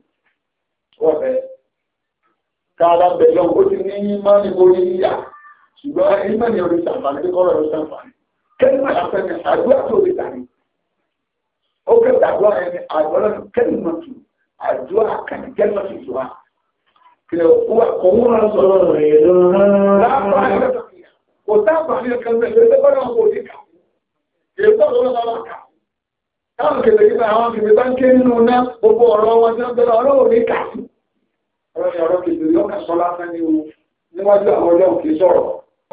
wọ́n bẹ́ẹ̀ káàdà bẹ̀ lọ ó ti ní ìmánì orí yíyà ṣùgbọ́n ìmánì orí sàǹfààní bí kọ́rọ̀ ló sàǹfààní kẹ́lìmọ̀ àfẹ́ni àdúrà tó lè dàní ó kẹ́lìmọ̀ àdúrà ẹni àdúrà kẹ́lìmọ̀ tù àdúrà kàní kẹ́lìmọ̀ tù tù wá òun sọ̀rọ̀ rẹ̀ lọ́rọ̀ kò tábà ní ọkàn mẹ́rin tó bọ́lá ọkọ̀ òdíkà èkó ọ̀rọ̀ lọ́wọ́kà táwọn kèlè yípa àwọn kèlè bá ń ké nínú ná gbogbo ọ̀rọ̀ wọn tí ó bẹ̀rẹ̀ ọ̀rọ̀ òdíkà ọ̀rọ̀ kèlè lọ́kà sọ lásán ní o níwájú àwọn ọjọ́ òkè sọ̀rọ̀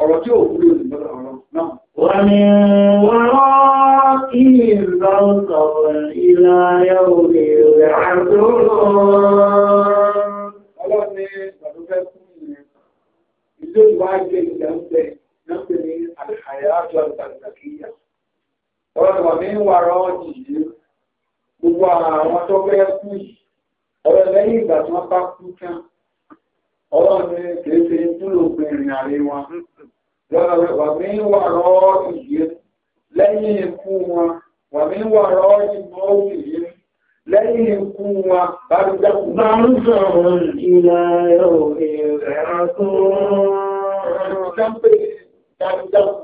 ọ̀rọ̀ tí ò wúlò ní bọ́lá ọ̀rọ̀ náà. wọ́n ní wọ́n kí ìlọ́sọ̀rọ̀ ìlà yóò tó ti wá jẹ ìjà ń bẹ náà pè ní àyàtọ̀ àgbàgbàkìyà. ọ̀rọ̀ wà mí ń wàrà ọ̀jì yìí gbogbo àwọn tó fẹ́ kú yìí ọ̀rọ̀ lẹ́yìn ìgbà tí wọ́n bá kú tán ọ̀rọ̀ ni kìí ṣe ń dúró pé ìrìn àrè wọn. lọ́rọ̀ wà mí ń wàrà ọ̀jì yìí ikú wọn wà mí ń wàrà ọ̀jì mọ́wù yìí lẹ́yìn ikú wa bàrúdàkù bá ń sọ̀rọ̀ ìlà ẹ̀rọ ìrẹ̀rẹ̀ tó rọrùn bàrúdàkù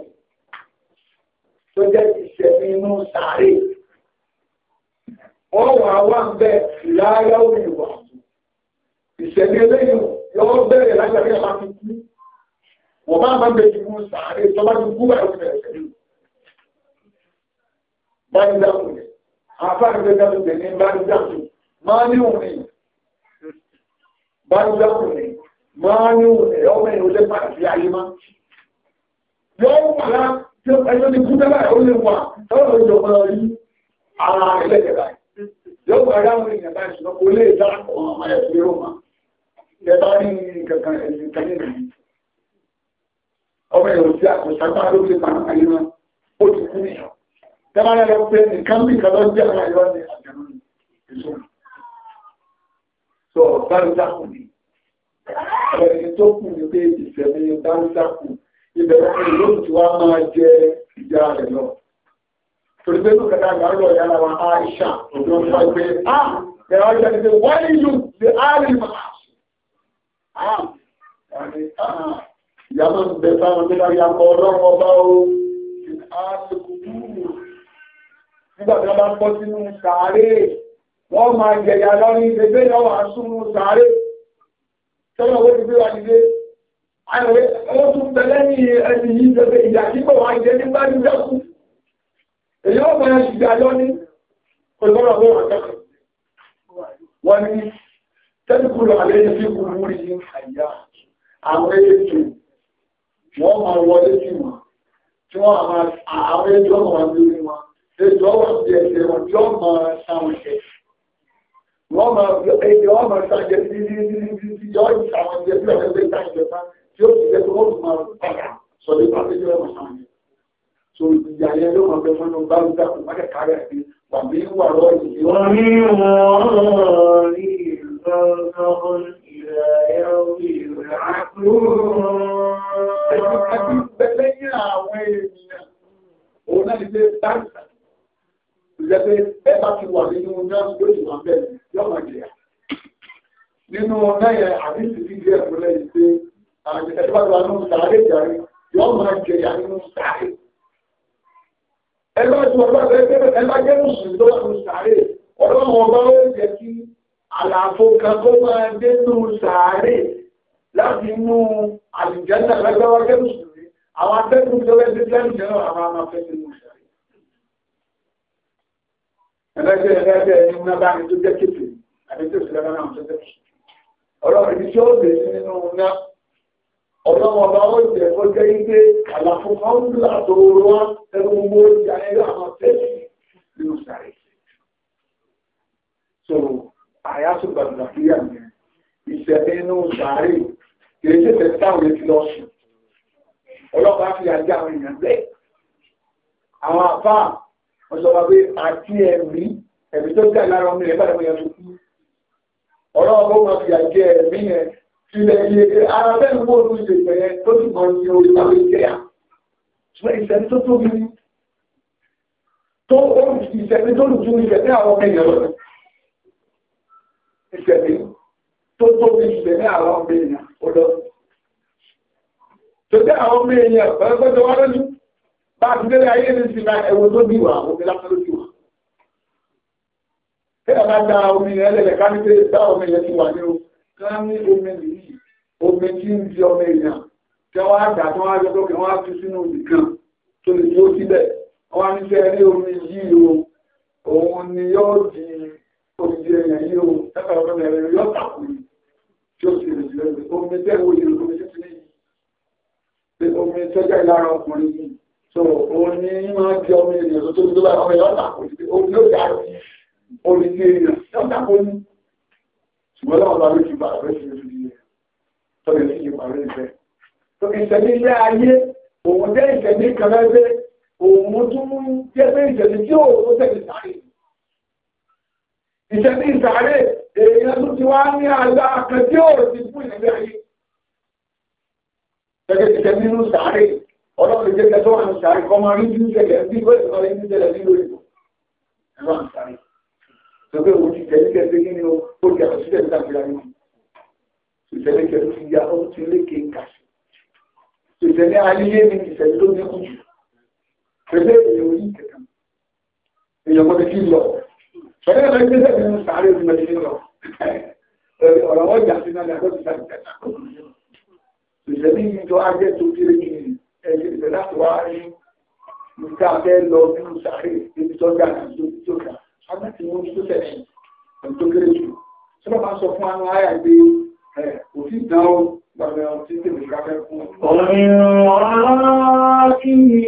tó jẹ́ ìṣẹ̀mí inú sàárè wọ́n wà wá ń bẹ láyá òmìn wà ìṣẹ̀mí eléyìn yọ́ bẹ̀rẹ̀ lágbàrí àmà ti kú wọ́n bá bá bẹ̀rẹ̀ inú sàárè tó bá ti kú bàrúdàkù àfáàgbé dábùtẹ̀ ní bájúdábù máa ní òní bájúdábù ní máa ní òní ọmọ èèyàn lè máa fi ayé má yóò wà láà tí ó ẹjọ́ ní kúndẹ́lá ó lè wà tọ́lọ̀ ìjọba rí ara ẹlẹ́gẹ̀dá yóò wà láwọn èèyàn bá ìṣúná kó lè dá ọmọ ẹ̀fẹ́ rọ́mà ẹ̀bá ní kankan ẹ̀sìn kan nínú ọmọ èèyàn tí àkọságbá ló ti máa ayé má ó ti kú nìyàn tẹ́bára lọ pé nǹkan bí nǹkan lọ jẹ́ àwọn ẹ̀yọ́ ní àjẹ́mọ́ ìṣó so bárúdákù ni ẹ̀rẹ̀ tó kù ní pé ìṣẹ̀lẹ̀ bárúdákù ìbẹ̀rẹ̀ pé ló ti wá máa jẹ ìjà rẹ̀ lọ torí pé lókè náà gbà lọ yára wa Aisha òbí wọn fà pé a ẹ̀rọ ajá ni pé wáyé yù lè áàrí máa ìyá máa ń bẹ fáwọn tó bá yà kọ ọlọ́run ọba o nígbà tí wọ́n bá pọ́ sínú sàárè wọ́n máa jẹ̀yà lọ́rin ìgbẹ́gbẹ́ náà wà sàárè tọ́lọ̀ wọ́n ti gbé wa nílé àìwé wọ́n tún bẹ lẹ́yìn ẹni yìí tẹ́lẹ̀ ìyà tí kò wá jẹ́ nígbà ní ìjọ́kù èyí ó bẹ̀rẹ̀ ṣùgbà lọ ní ọlọ́rọ̀ wọ́n wà tẹ́kù wọ́n ní wọlé tí wọ́n àwọn ètò wọn lórí wọn ètò ọwọ́ ti ẹ̀sẹ̀ wọn tí wọ́n máa sáwọn jẹ. Wọ́n máa fi ẹ̀jẹ̀ wọ́n máa sáwọn jẹ títí títí títí tí yọ́ ìsáwọn jẹ tí ọ̀rẹ́ gbé sáwọn jẹ fá tí ó ti jẹ́ tó wọ́n máa padà sọ ní pàṣẹ tí wọ́n máa sáwọn jẹ. So ìyá yẹn ló máa fẹ́ fún un bá ń dá kù mákẹ́ kárí àti wà mí wà lọ ìdí. Wọ́n ní wọ́n rí ìrọ̀rùn ìrẹ̀ ìjẹ́pẹ́ bẹ́ẹ̀ bá ti wà nínú náà yóò sì máa bẹ́ẹ̀ yóò máa jẹ̀yà. nínú náà yẹn àbí ìsìnkú ìdí ẹ̀ fúnlẹ̀ yìí pé ẹ̀jẹ̀ bá ti wà nínú sàárè jàre yóò máa jẹ̀yà nínú sàárè. ẹ bá ti wà bẹ́ẹ̀ bẹ́ẹ̀ ẹ bá jẹ́ mùsùlùmí tó wà nínú sàárè ọlọ́run ọba ó jẹ́ kí àlàfo kan kó máa dé nínú sàárè láti inú àlùjẹ́ náà lọ́gbẹ́wọ́ jẹ́ mùsùlùmí àwọn atẹ́kùn tó lẹ́sẹ̀ ẹlẹ́sẹ̀ ẹlẹ́sẹ̀ iná bá ní tó jẹ́ kéfì àti tó sì lẹ́gbẹ̀ẹ́ náà tó jẹ́ kéfì. ọlọ́run ibi tí ó lè sí nínú ńlá ọlọ́run ọba ó jẹ́ kó jẹ́ ike àlàfo fáwùlà tó rọ́ ẹnu gbogbo ìjà ẹ̀rọ àwọn tẹ́sí nínú sàrẹ̀. so àyàsó gbàdúrà ìṣẹ̀lẹ̀ inú sàárè kìí ṣe tẹ̀ táwọn ètò lọ sùn ọlọ́pàá fi àjẹ́ àwọn èèyàn bẹ́ẹ̀ àwọn àfáà wọ́n sọ wá pé àti ẹ̀mí ẹ̀mí tó gbà lára ọmọ rẹ̀ bá lọ́wọ́ yẹn tó kú ọ̀rọ̀ ọgbọ́n wọn fi àjẹ ẹ̀mí yẹn sílẹ̀ iye ara bẹ́ẹ̀ wọ́n ló ṣe bẹ̀rẹ̀ tó sì mọ̀ ní orí àwọn ìṣẹ́ à ṣùgbọ́n ìṣẹ́ni tó tóbi ní tó ìṣẹ́ni tó lù ju ìṣẹ́ni àwọn ọmọ ènìyàn lọ́nà ìṣẹ́ni tó tóbi ìṣẹ́ni àwọn ọmọ ènìyàn ó lọ tó dé àwọn ọmọ ènìyàn pẹ̀lú pẹ̀lú bá a ti délé ayé ní sinmi ẹ̀wọ̀n tó bí wà omi lásán ló bí wà. Kéèyàn bá da omi yẹn lẹ̀lẹ̀ ká ní pé dá omi yẹn ti wà ní o. Ká ní omi nìyí, omi tí ń di ọmọ èèyàn. Kí wọ́n á dà tí wọ́n á yọ sókè, wọ́n á sínú òbí kan tó lè dúró síbẹ̀. Wọ́n á ní sẹ́ ní omi yìí o. Òun ni yóò di òdìdí èèyàn yìí o. Ẹ̀ka ọ̀dọ́ ẹ̀rẹ̀ yóò tàkù tí ó sì lè jù Omi tẹ́ wo omi tó ìlara ọkùnrin yìí ní máa jẹ ọmọ ènìyàn tó tóbi tó bá ọmọ ènìyàn ọ̀tà kò sí omi ló dà rẹ̀ omi ní ènìyàn ọ̀tà kò ní. ṣùgbọ́n láwọn bá lójú bá rẹ̀ ṣe lójú yẹ tọ́lẹ̀ sí ìpa rẹ̀ ìfẹ́. tó ìṣẹ̀lẹ̀ ilé ayé òun jẹ́ ìṣẹ̀lẹ̀ kan rẹ̀ òun tún jẹ́ pé ìṣẹ̀lẹ̀ tí òun tó tẹ̀lé sáré. ìṣẹ̀lẹ̀ ìsàré èèyàn tó ti wá ní agbára kan tí òun ti fún ìṣẹ̀lẹ̀ ayé. gẹ́gẹ́ ọlọ́run jẹ́ kẹtọ́ wà ní sàárì kọ́ máa rí ní ìṣẹ̀lẹ̀ bí wọ́n ti sọ̀rọ̀ ní ìṣẹ̀lẹ̀ ní lórí ìbò ẹ̀rọ àǹsàárì tó pé òun ti tẹ̀lé kẹfẹ́ kí ni ó ó di àwọn sílẹ̀ nígbà fìlà nínú ìṣẹ̀lẹ̀ kẹfẹ́ ti ya ó ti lé ké kà sí ìṣẹ̀lẹ̀ ayé ni ìṣẹ̀lẹ̀ tó ní kù jù pẹ̀lú èèyàn yìí kẹta èèyàn kọ́ kí lọ pẹ̀lú ẹ̀rọ ìgbésẹ̀ nínú sàárì ìṣẹ̀lẹ̀ ìjọ ajẹ́ tó kéré kí ẹ̀yìn ìṣẹ̀lá wà ní nǹkan abẹ́ lọ nínú sàárè níbi tó gbà ní ìlú tó gbà sábà tí wọ́n tó tẹ̀lé ẹ̀yìn tó kéré jù sábà máa sọ fún àwọn àyà pé kò sí ìdánwò gbàgbé ọtí tèmi káfẹ́ fún. ọ̀rìn ọ̀rọ̀ kí ni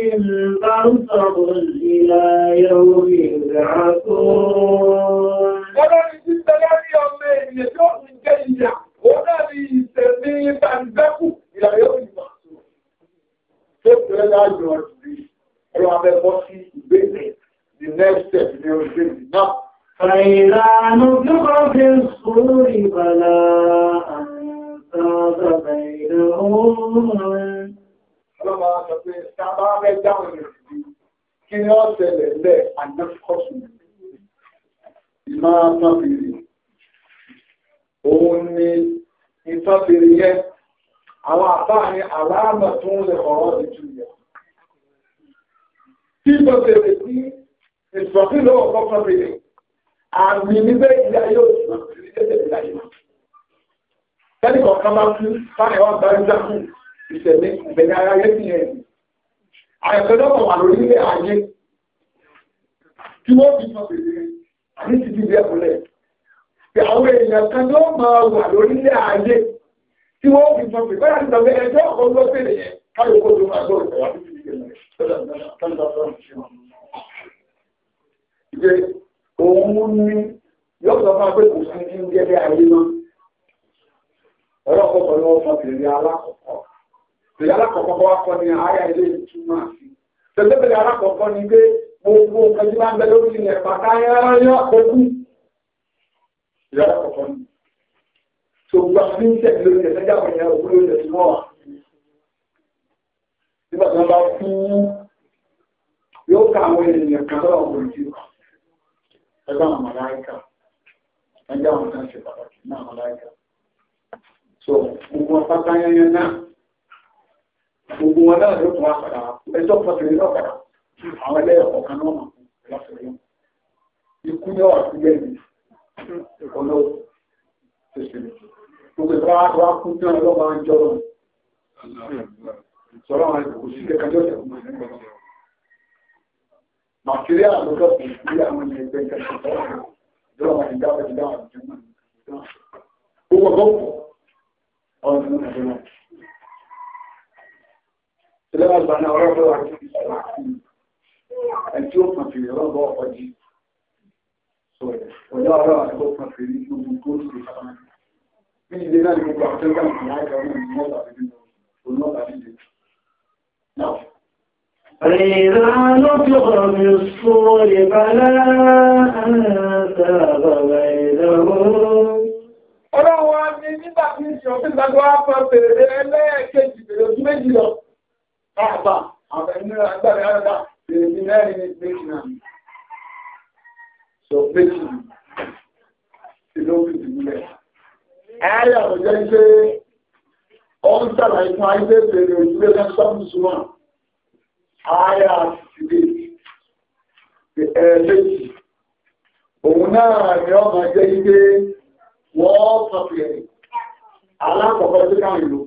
bá ń sọ̀rọ̀ ìlà yóò rí ìrà ṣé pé láàyò ọ̀dùnrí ẹ̀rọ abẹ bọ́ sí ìgbésẹ̀ the next step ní orílẹ̀-èdè náà. Fàìlà ànújúbọ̀ fi ń sùúrù ìbàlá àtàbàbà ìdáhùn. Ọlọ́mọ sọ pé sábà àwọn àfáàní aláàmà tó ń lè ọ̀rọ̀ ìjúyà. Tí tó bèèrè sí ìsọ̀kí lọ́wọ́ kọ́kọ́ bèèrè, àmì níbẹ̀ ìyá yóò sùn sí ẹ̀jẹ̀ ìdáyé. Tẹ́lì kọ̀ọ̀kan máa kú, fáyẹ̀ wá bá ń jákù ìṣẹ̀lẹ̀ ìbẹ̀rẹ̀ ara yẹ́ sí ẹ̀yìn. Àyẹ̀fẹ́ lọ́kọ̀ wà lórí ilé ayé. Tí wọ́n fi sọ bèèrè, àní ti di ìbẹ̀kùnlẹ̀. Àwọn èèyàn kan ló máa wà lórí ilé ayé tí wọ́n fi sọ pé báyà ti sọ ẹjọ́ ọ̀kan ló pèlè yẹn tó máa gbọ́ pẹ̀lú ọ̀sán tèmi alákọ̀ọ́kọ́ gbogbo nǹkan tí ń bẹ lórí ilẹ̀ pàtàkì ayáyá ọkùn ìyá alákọ̀ọ́kọ́ ni ṣògbà ní ìṣẹ̀lẹ̀ lórí ẹ̀sẹ̀já àwọn ènìyàn òkú lórí ẹ̀sìn wọ́n wà. Nígbà tí wọ́n bá kú yóò ká àwọn ènìyàn kan lọ́wọ́ àwọn olùdíwà. Ẹgbẹ́ àwọn màláìkà, ẹgbẹ́ àwọn kan ṣe pàtàkì ní àwọn màláìkà. So, gbogbo wọn pátá yẹn náà, gbogbo wọn náà yóò tún wá padà, ẹjọ́ pàtàkì náà padà, àwọn ẹlẹ́yọ̀ kọ̀ọ̀kan náà mà kú lọ́sọ̀rọ̀ yẹn. Ikú ni ọ̀ Gbogbo ìfẹ́ wá kún tí wọ́n lọ́wọ́ ń jọrọ̀. Sọ̀rọ̀ àwọn òṣìṣẹ́ kan jọ́sẹ̀ fún Nàìjíríà ló lọ sí ìlú àwọn ilẹ̀ ẹgbẹ́ ìjọba ìjọba ìjọba ìjọba ìjọba Gbogbo ọgọ́pọ̀ ọdún Nàìjíríà. Ṣé lọ́wọ́ àgbà náà ọlọ́pọ̀ wà ní ìṣẹ̀lá sí ẹni tí ó kàn fìrì ọlọ́gbọ́ ọjọ́ ọ̀rọ̀ àti ọ̀pọ̀ fèrè ní gbogbo góòlù tó àtàbàbà ìdáwó. Ọlọ́run wa ní nígbà tí ìṣẹ́ òfin gbàgbọ́ apá fèrè ẹlẹ́ẹ̀kejì fèrè ojú méjì lọ. Àbà àwọn ẹni agbára sọ méjì ìlú ìdílé. Ẹ̀yà ò jẹ́ pé ó ń sàlàyé fún ayé bèèrè òjúlé fẹ́ sọ́mùsùmọ̀. Ààyà ìdílé ẹ̀ẹ́lẹ́jì. Òun náà ni ọ máa jẹ́ ike wọ́n pàpẹ̀rẹ̀ alákọ̀ọ́kọ́ tí káwọn ìlú.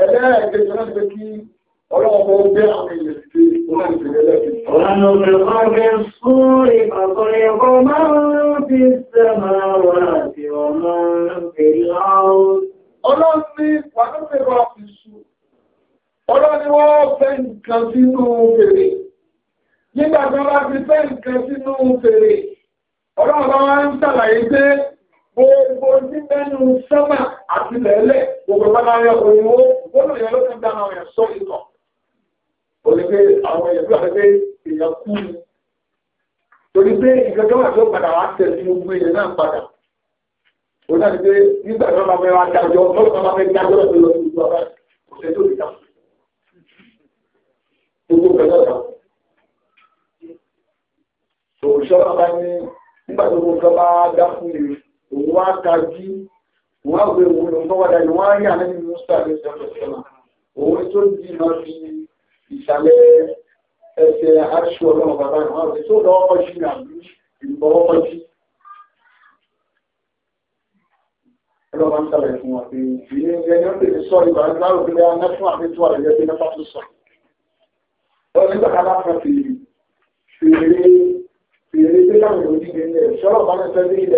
Ẹ̀lẹ́ẹ̀kejì ti kí Ọlọ́run gbé àwọn èèyàn sí ọlọ́run ìgbẹ̀lẹ́ sí. Ọlọ́run ọ̀gbẹ̀ fún ìpàkọ̀rẹ̀ ọkọ̀ máa ń fi sẹ́mà wà àti ọmọ ìlà Ọlọ́run ní wàdúgbẹ̀ wà fi sùn. Ọlọ́run ni wọ́n fẹ́ nǹkan sínú fèrè. Nígbà bá wá ń ṣàlàyé pé gbogbo ní mẹ́nu sẹ́mà àti lẹ́lẹ̀ gbogbo bá láyé òun ó gbọ́dọ̀ yẹ ló ti dáná ẹ̀ sọ ìtàn òní pé àwọn èèyàn gbà pé èèyàn kú ni torí pé ìkan tó wà tó padà wá tẹ̀lé gbogbo èèyàn náà padà ó náà ni pé nígbà tó máa fẹ́ wá dájọ́ lọ́wọ́ máa fẹ́ dájọ́ lọ́wọ́ lọ́wọ́ lọ́wọ́ lọ́wọ́ kò sẹ́ tó lè dá gbogbo pẹ̀lú tó gbogbo nǹkan bá dá fún tó wá dájú wọn á rí àná nínú ìsàlẹ̀ ẹsẹ̀ aṣọ ọlọ́run bàbá ìwọ̀n àti tó lọ́wọ́ kọjú ní àbí ìbọ̀wọ́ kọjú. Ọlọ́run máa ń sàlẹ̀ fún wa pé ìyẹn ń yẹn ń pèsè sọ ìgbà nígbà òkè lẹ́yà nẹ́fún àti tó àlẹ́ yẹn pé nẹ́fà tó sọ. Ọ̀rọ̀ nígbà kan láti fi fèrè fèrè pé láwọn èèyàn ní ilé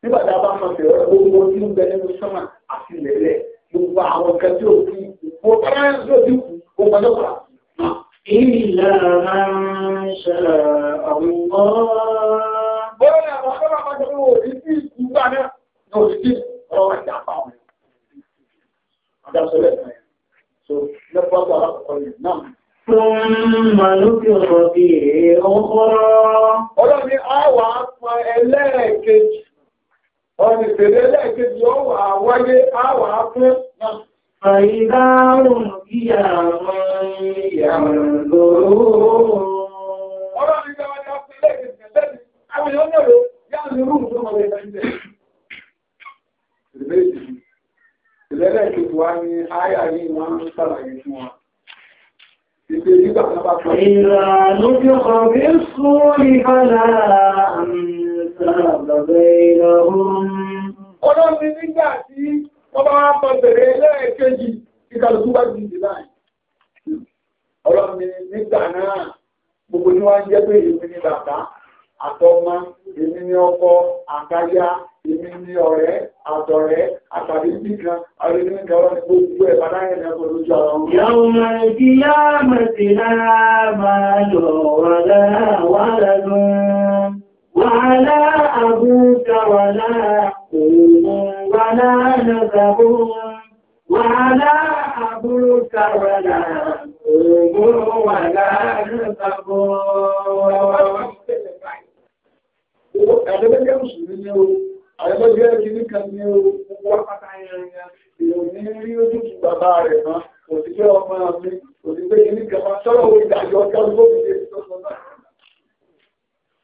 ẹ̀ gbogbo tí ń bẹ nínú sọ́mà àti lẹ́lẹ̀ gbogbo àwọn nǹkan tí ó fi gbogbo bára ń lò ní gbogbo ọlọ́pàá. Ìlà máa ń Bọ́lá ni àwọn ọlọ́pàá máa ń jẹ́ wọ́n òbí sí ìgbà náà ní òṣìṣẹ́ ọ̀rọ̀ ìjà pa wọn. Adásọ́lẹ̀ náà. So, lọ́pàá tó alákọ̀ọ́kọ́ yìí náà. ثم نكر فيه أخرى. Ọlọ́run ni a wà á pa ẹlẹ́ẹ̀kejì ọ̀nà ìpèlè lẹ́ẹ̀kejì ó wà wáyé àwà fún àìdárùn bí àwọn ìyàwó lóòrùn. Ọ̀rọ̀ ni gbọ́wọ́ ni ọkùnrin lẹ́ẹ̀kejì lẹ́ẹ̀kejì, àwọn èèyàn náà rẹ̀ yá ní rúùn tó mọ̀ lẹ́ẹ̀kejì lẹ́ẹ̀kejì. Ìlẹ́lẹ́kejì wá ní áyà ní wọ́n ń sàlàyé fún wa. Ìgbè Ọlọ́run nígbà tí wọ́n bá wá pọ̀ bẹ̀rẹ̀ lẹ́ẹ̀kejì ìkàlùkú bá jù jù láì. Ọlọ́run nígbà náà gbogbo ní wọ́n jẹ́ pé èmi ni bàbá, àtọ́mọ, èmi ni ọkọ, àkáyá, èmi ni ọ̀rẹ́, àtọ̀rẹ́, àtàrí bí kan, وعلى أبوك ولا قوم ولا نسب وعلى أبوك ولا قوم ولا نسب Àjọ́gbẹ́gbẹ́ Mùsùlùmí ni ó, àjọ́gbẹ́gbẹ́ kìíní kan ni ó, gbogbo àpáta ìrìnà, ìròyìn rí ojú ti bàbá rẹ̀ mọ́, òtí pé ọmọ mi, òtí pé kìíní kan máa sọ́rọ̀ orí ìdájọ́ ọjọ́ lóòrùn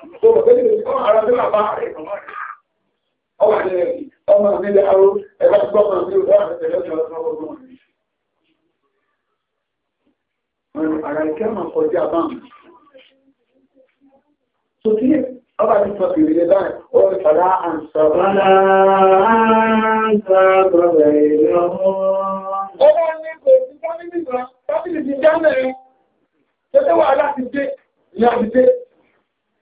tó o fẹ́ lè kọ́ ara tó làbá rẹ̀ ọwọ́ àti ọmọ mi lè aró ẹ̀ka tó gbọ́ ọmọ mi lè wá àti ẹ̀lẹ́sìn ọ̀sán ọgbọ́n ara ìkẹ́ máa kọjá báwọn tó kí ọba ti sọ bèrè lè báyìí ó ń sọ̀rọ̀ à ń sọ̀rọ̀ à ń sọ̀rọ̀ rẹ̀ lọ́wọ́ ọba ní kò sí tábìlì kan tábìlì ti já mẹ́rin tó tẹ́wọ́ aláti dé ní àti dé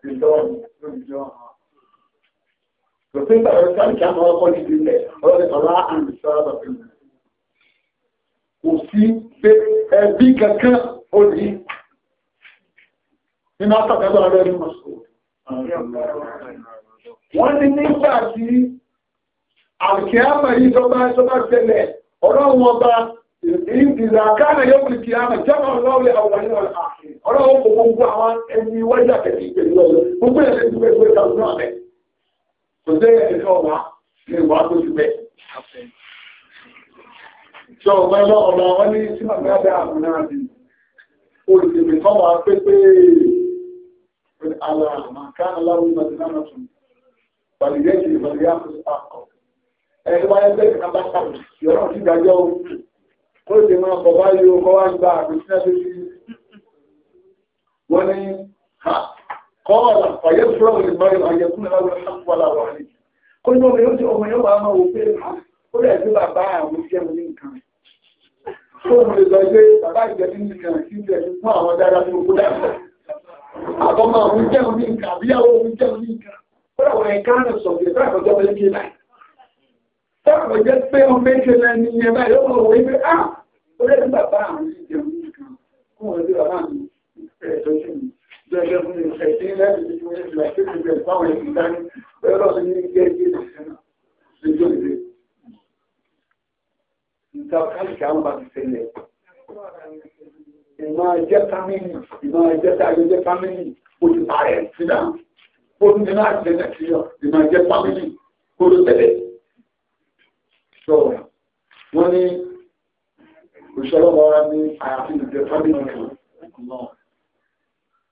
Kò sí ìtàwọn ìsáàkì àwọn ọkọ̀ ní ìpínlẹ̀, ọlọ́dẹ̀ ọlá àmì sáàbà fílẹ̀. Kò sí pé ẹbí kankan ó ní nínú àtàkẹ́gbà rẹ̀ ní Mọ̀sùlùmí. Wọ́n ní nígbà tí àrùkẹ́ àmà yìí tọ́bá tọ́bá tẹ́lẹ̀ ọ̀rọ̀ wọn bá ìdìzà káàmà yóò kìí àmà jẹ́ ọlọ́run kò gbogbo àwọn ẹni wájú àtẹ̀sí ìpèlú ọ̀rọ̀ gbogbo ẹ̀sẹ̀ ti fẹ́ gbé kàrún náà rẹ̀ kò jẹ́ ẹ̀sẹ̀ ọ̀wá ní ìwà tó ti bẹ̀. ṣé ọ̀gbọ́n náà ọ̀rọ̀ wọn ní sí màmí abẹ́ àmì náà bí olùdìbò kan wà pé pé àlà àmàkánà láwùjọ màdínà tún bàlìyẹ́ kì í lè máa bọ̀ báyìí ó kọ́ wá gba àbísínà tó ti wọ́n ní ha kọ́ọ̀lá ọ̀yẹ́ fúlọ́wọ̀ ní mọ́rin ọ̀yẹ́ fún ẹ̀rọ ìṣàkúwàlà wà ní. kó ní ọmọ yóò ti ọmọ yóò máa wò pé ó rẹ̀ sí bàbá àwọn jẹ́ mi nìkan. tó mo lè sọ pé bàbá ìjẹ́ mi nìkan sí ilẹ̀ fún àwọn dáadáa tó kú dáadáa. àbọ̀mọ̀ àwọn jẹ́ mi nìkan àbíyàwó mi jẹ́ mi nìkan. ó rẹ̀ wọ̀ ẹ̀ká náà sọ̀rọ̀ Táwọn jẹ́ pé wọ́n méjì lẹ́ni ẹ̀bá yóò mọ̀ wọ́n wípé, ah, ó rẹ̀ sí bàbá àwọn ìjẹun nìkan, kún ọ̀rẹ́ sí bàbá àwọn gẹ́gẹ́ bí ẹ̀sìn lẹ́yìn tí wọ́n ti láti ṣe ìgbẹ́ fáwọn èèyàn dání bẹ́ẹ̀ lọ́sọ̀ ní gẹ́gẹ́ lójó ìdè. Nǹkan káàkiri àwọn bá ti ṣẹlẹ̀. Ìmọ̀ ẹjẹ́ fámìlì, ìmọ̀ ẹjẹ́ tàbíjẹ́ fámìlì, ó ti bàrẹ̀ sídá. Ó ti náà ṣe Nàìjíríà, ìmọ̀ ẹjẹ́ fámìlì, kó ló tẹ̀lé. Sọ wọ́n ní òṣèlú ọ̀rọ̀ ní àyàfi ìjẹ fámìlì kan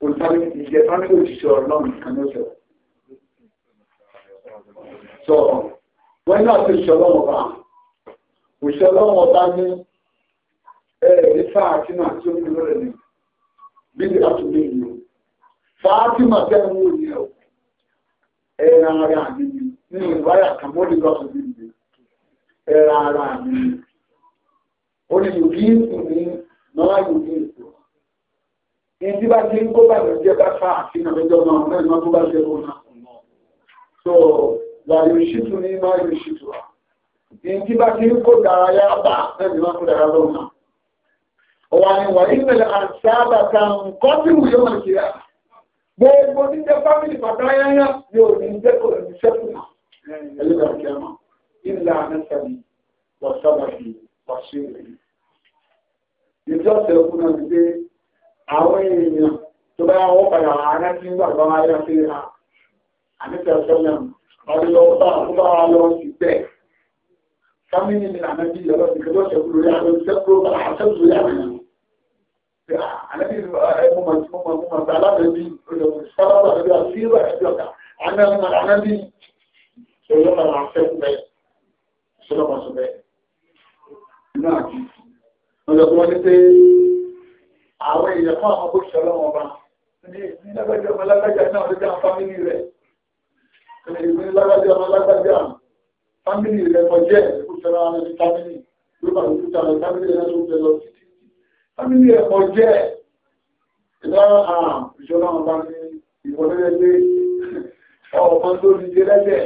ìjẹ fámílì òṣìṣẹ́ ọlọ́run kan ló sọ. sọ wọ́n náà ti ṣọlọ́ ọba òṣìṣẹ́ ọba ní ẹ̀ẹ́dì fáàtìmà tí ó ń lọ rẹ̀ ní bíbí àtúndé ìlú fáàtìmà tẹ́lẹ̀ wò ní ẹ̀ ẹ̀rà ara mi ní ìwáyà kan mọ́ ní lọ́sùn ní ìlú ẹ̀rà ara mi ó ní yòókì ní náà yòókì ìdí bá ti ń kó bàbá jẹ́ bá fa àfihàn lọ́jọ́ náà mẹ́rin náà tó bá jẹ́ òun náà so láyé ìṣìtú ní máa yóò ṣìtú wa ìdí bá ti ń kó dára bá mẹ́rin náà tó dára lọ́wọ́ náà ọwọ́ ni wà ní ìpẹ̀lẹ̀ àṣàbà kan kọ́ sí ìwúyọ́ wọn kiri à gbogbo níjẹ fámìlì bàbá yányá yóò ní jẹ́ kó ní sẹ́kù náà ẹlẹ́gbẹ̀rẹ̀ kí a mọ̀ ìlà mẹ́sàn-án wọ́n sábà fi wọ́n sí àwọn èèyàn tó bá wọ́n padà ààrẹ tí ń gbàgbọ́ ayé fi ha àníkẹ́ sọ́nà ọlọ́ọ̀bá àkúbá lọ sí bẹ́ẹ̀ sámínì ní ànábí ọlọ́sìn kí wọ́n ṣẹ̀kú lórí àwọn ìṣẹ́kú àṣẹ́kú lórí àwọn èèyàn ànábí ẹgbùmọ̀ tí wọ́n mọ̀ sí alábẹ́bí olóògùn sábàbà lórí àti ìrọ̀ ẹ̀jọ́ ká ànábí ṣòyọ́ padà àṣẹ́kú bẹ́ẹ̀ ṣọlọ́mọṣọ bẹ́ẹ̀ àwọn èèyàn fún àwọn bóṣọ lọ́wọ́ ọba ní lágbájá ọmọ lágbájá náà ló dáhùn fámìlì rẹ̀ ní lágbájá ọmọ lágbájá fámìlì rẹ̀ mọ̀ jẹ́ ìfúnṣọ́ lọ́wọ́ ní fámìlì ló bá lóṣù tà lọ fámìlì rẹ̀ ló fẹ́ lọ títí fámìlì rẹ̀ mọ̀ jẹ́ ìdára àrùn ìṣọ́lá ọba ní ìwọlẹ́lẹ́gbẹ́ ọmọ tó ní jẹ́ lẹ́gbẹ́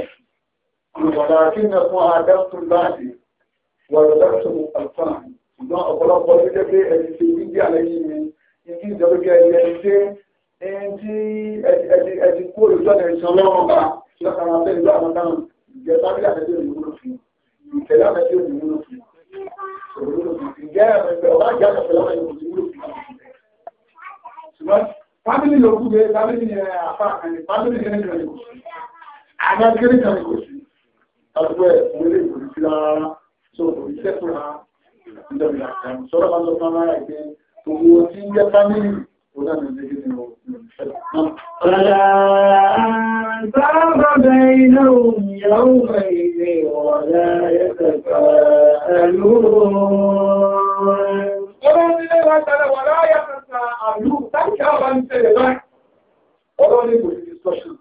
ولكن هو أدرت البعد وأدرت الفهم ṣùgbọ́n ọ̀pọ̀lọpọ̀ ló jẹ́ pé ẹni tí ó ń gbé àlẹ́ yìí ni ìdí ìjọba ẹ̀yẹ ṣe ẹni tí ẹ̀dì kó ìjọba ẹ̀sán lọ́wọ́ bá lọ́kàn máa fẹ́ ìlú àwọn dáhùn ìjẹ́ sábẹ́ àfẹ́sẹ́ òyìnbó fi ìtẹ̀lé àfẹ́sẹ́ òyìnbó fi ìjẹ́ ẹ̀rẹ̀ ọba ìjà àfẹ́sẹ́ lọ́wọ́ ìwòsàn ṣùgbọ́n fámìlì ló kú bẹ́ẹ̀ fámìlì yẹn àfa àkànní fámìlì yẹn nìkan ìwò àgbà kéré kan ìwò sí àdúgbò ẹ̀ fún ilé ìwòsàn rárá so ìṣẹ́ fúnra ìjọba ìjọba sọ́dọ̀ bá lọ fún amáyà ìgbẹ́ Gbogbo tí ń jẹ́ fámílì, ó náà ní ìdíjì ni Ọ̀rọ̀lá àbábọ̀ bẹ iná òun yàó bẹ ilé ọ̀rọ̀lá ẹ̀kẹ̀kẹ̀ ẹ̀lú. Ọlọ́run ilé wa tẹ́lẹ̀ wà láyé kẹta àlú, táìkì àwọn ń tẹ̀lẹ̀ báyìí. Ọlọ́run ìgbò ní discussion.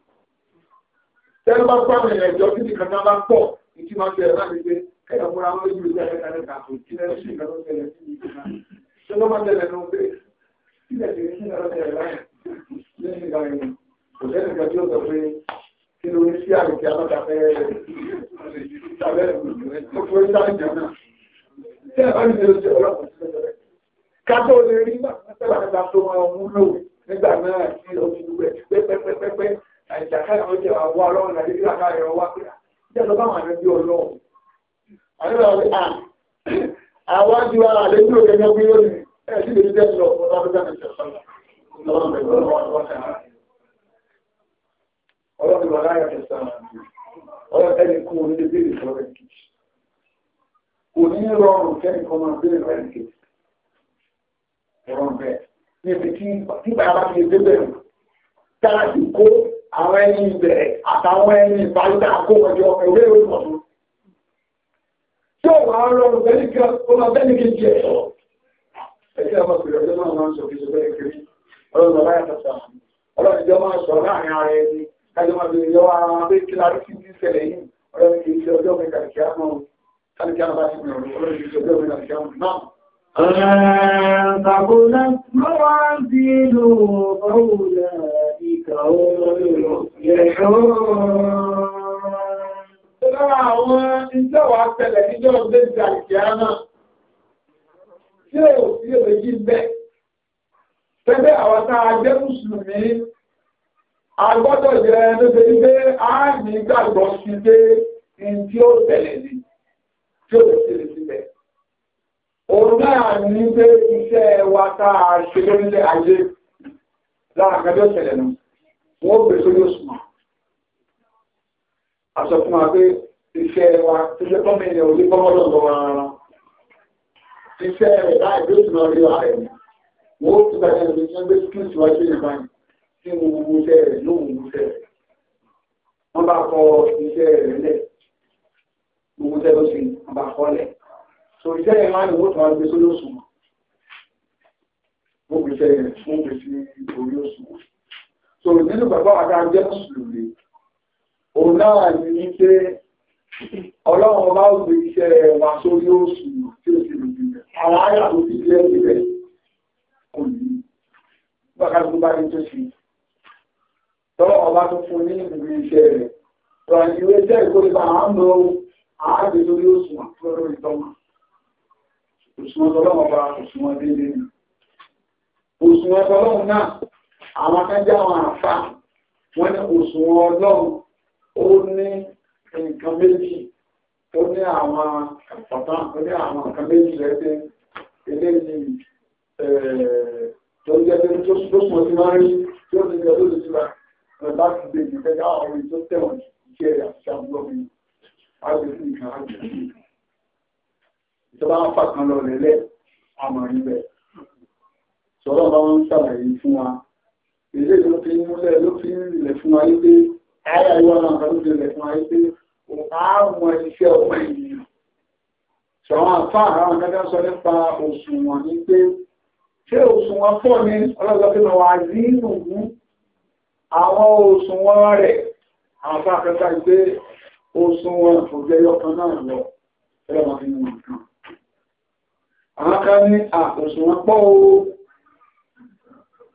Tẹ́lẹ̀ bá pàmì ẹ̀jọ́ títí kan náà bá pọ̀, ìtí máa bẹ̀rẹ̀ láti gbé, kẹ́yọ̀ múra wọn lójú ìgbẹ́ ẹ̀kẹ́kẹ́ ṣe ló máa tẹ̀lé ló pé sílẹ̀ tí kí lọ́rọ̀ tẹ̀lé láì lẹ́yìn ìgbà yẹn kò sẹ́ni kan tí ó sọ pé kí ló ń sí àrùn kí alága fẹ́ tàbẹ́ tó fún ẹ̀ṣá ìjà náà tí ẹ̀ bá ní ìlú ṣe ọlọ́pàá sílẹ̀ tẹ̀lé kátó lè rí mọ́tàlá nígbà tó máa mú lòwì nígbà náà tí omi dúpẹ́ pẹ́pẹ́pẹ́pẹ́ àìjàkáyà ó jẹ́ àwọn ọlọ́run láti rí àkáyà ọwá pé jẹ́ lọ bá wọn àrẹ bí ọlọ́run àwọn ju ara rẹ̀ dúró gẹ́gẹ́ bí ó ní ẹ̀sí lè jẹ́ lọ fún ọlọ́dún Ọlọ́run bàbá yàtọ̀ sáà ọlọ́run ẹni kú onílé bèèrè lọ́rẹ̀ kejì. Òní rọrùn kẹ́ni kan máa bèèrè lọ́rẹ̀ kejì. Ẹ̀rọ̀n bẹ́ẹ̀ ní ibi tí bàbá ti lè bẹ̀rẹ̀ táà sì kó àwọn ẹni ìbẹ̀rẹ̀ àtàwọn ẹni ìbálòpọ̀ àkókòjọ ẹ̀wé ìròyìn ọ̀tún tí ó wà rọrùn bẹ́ẹ̀ nìkan ó máa bẹ́ẹ̀ nìkan jẹ́ ọ̀. Ẹgbẹ́ àwọn ọ̀pẹ̀lẹ̀ ọjọ́ máa ń sọ kí ṣe bẹ́ẹ̀ kiri, ọlọ́run ọlá yàtọ̀ sọ. Ọlọ́run ìjọ máa sọ láàrin ara ẹni, kájọ máa bèèrè yọ ara wọn pé kí lárí kí ní ìṣẹ̀lẹ̀ yìí, ọlọ́run kì í ṣe ọjọ́ mi kàkì àmọ́ kálíkì àmọ́ bá ti mìíràn, ọlọ́run kì í ṣe ọjọ́ mi kàkì àmọ́ náà. Ọ̀rẹ́ موازينه فأولئك هم المفلحون lára àwọn ìjọwà tẹ̀lẹ̀ níjọ́ gbẹ́gbẹ́ àìkíámà tí ó sí èyí bẹ́ tẹ́gbẹ́ àwọn tá a jẹ́ mùsùlùmí a gbọ́dọ̀ jẹ́ lóde wípé a ní gbàgbọ́ sí pé ní tí ó tẹ̀lẹ̀ ní tí ó tẹ̀lẹ̀ síbẹ̀ òun náà ní pé iṣẹ́ wa tá a ṣe lórílẹ̀ ayé lára kẹjọ tẹ̀lẹ̀ náà wọ́n gbèsè lóṣùmọ̀ àṣọ fún wa pé iṣẹ́ wa tó jẹ́ tọ́mọ ènìyàn ò lè kọ́kọ́ lọ́dọ̀ wọn ara iṣẹ́ rẹ̀ láì bí ó sì máa rí ààrẹ wọ́n ó tún bàjẹ́ ìròyìn tó ń gbé skills síwájú ìgbà yìí tí mo wo iṣẹ́ rẹ̀ lóhùn iṣẹ́ rẹ̀ wọ́n bá kọ iṣẹ́ rẹ̀ lẹ̀ gbogbo iṣẹ́ tó ṣe wọ́n bá kọ́ lẹ̀ so iṣẹ́ rẹ̀ máa ń wò tó máa gbé sórí òṣùn mo gbé iṣẹ́ rẹ̀ mo gbé sí orí òṣùn so nínú bàbá wa dáa jẹ́ mùsùlùmí òun náà ní pé ọlọ́run ọba ò gbé iṣẹ́ wa sórí oṣù tí ó ti lè jùlọ àwọn ará tó ti lé níbẹ̀ kò ní bàkà tó bá ní tó ṣe tọ́lọ́ ọba tó fún ní ìbùgbé iṣẹ́ rẹ̀ tọ́lá ìwé jẹ́ ìkórìíra àwọn ọmọ àádé lórí oṣù àtúrọ̀ lórí tọ́mà òṣùwọ́n tọ́lọ́wọ́ bá òṣùwọ́n délé nì òṣùwọ́n tọ́lọ́wọ́ náà àwọn akẹ́jẹ́ àwọn àfà wọ́n ní òṣùwọ́n ọlọ́run ó ní nǹkan méjì tó ní àwọn àpàtàn tó ní àwọn nǹkan méjì rẹ̀ pé eléyìí tó jẹ́ pé tó sùn sí máa ń rí tí ó ti jẹ́ lóṣù síra rẹ̀ bá ti gbé ìgbẹ́ ká àwọn orin tó tẹ̀wọ̀n jẹ́ àti àbúrò mi láti fi nǹkan á jẹ́ ìjọba apá kan lọ lẹ́lẹ́ àmọ̀ níbẹ̀ sọ̀rọ̀ bá wọn ń ṣàlàyé fún wa ilé ló fi ń múlẹ̀ ló fi ń rìnlẹ̀ fún wa yí pé ayé ayé ọ̀nà kan ló lè fún ayé pé àwọn iṣẹ́ ọmọ ènìyàn ṣọ̀wọ́n àfá àwọn akẹ́kẹ́ sọ nípa òṣùwọ̀n ní pé ṣé òṣùwọ̀n pọ̀ ní ọlọ́gbọ́n wa rí nùgún àwọn òṣùwọ̀n rẹ̀ àwọn akẹ́kẹ́ gbé òṣùwọ̀n òjẹyọ kan náà lọ ẹ̀rọ àwọn akẹ́kẹ́ ní àòṣùwọ̀n pọ̀ ooo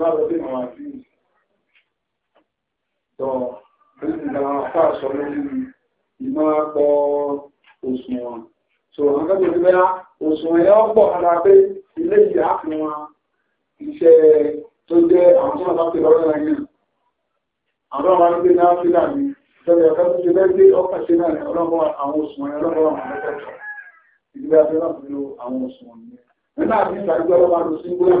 lọ́dọ̀ bí àwọn àfi tọ́ nígbà fà sọ lórí ìmọ̀ pọ̀ òṣùwọ̀n so àwọn akẹ́kọ̀ọ́ ti bẹ́yà òṣùwọ̀n yẹn wọ́n ara pé ilé yìí fún wa iṣẹ́ tó jẹ́ àwọn tó wà bá pè àwọn àwọn ní nígbà tí ìgbàgbọ́ ọlọ́mọ àdó sí gbọ́dọ̀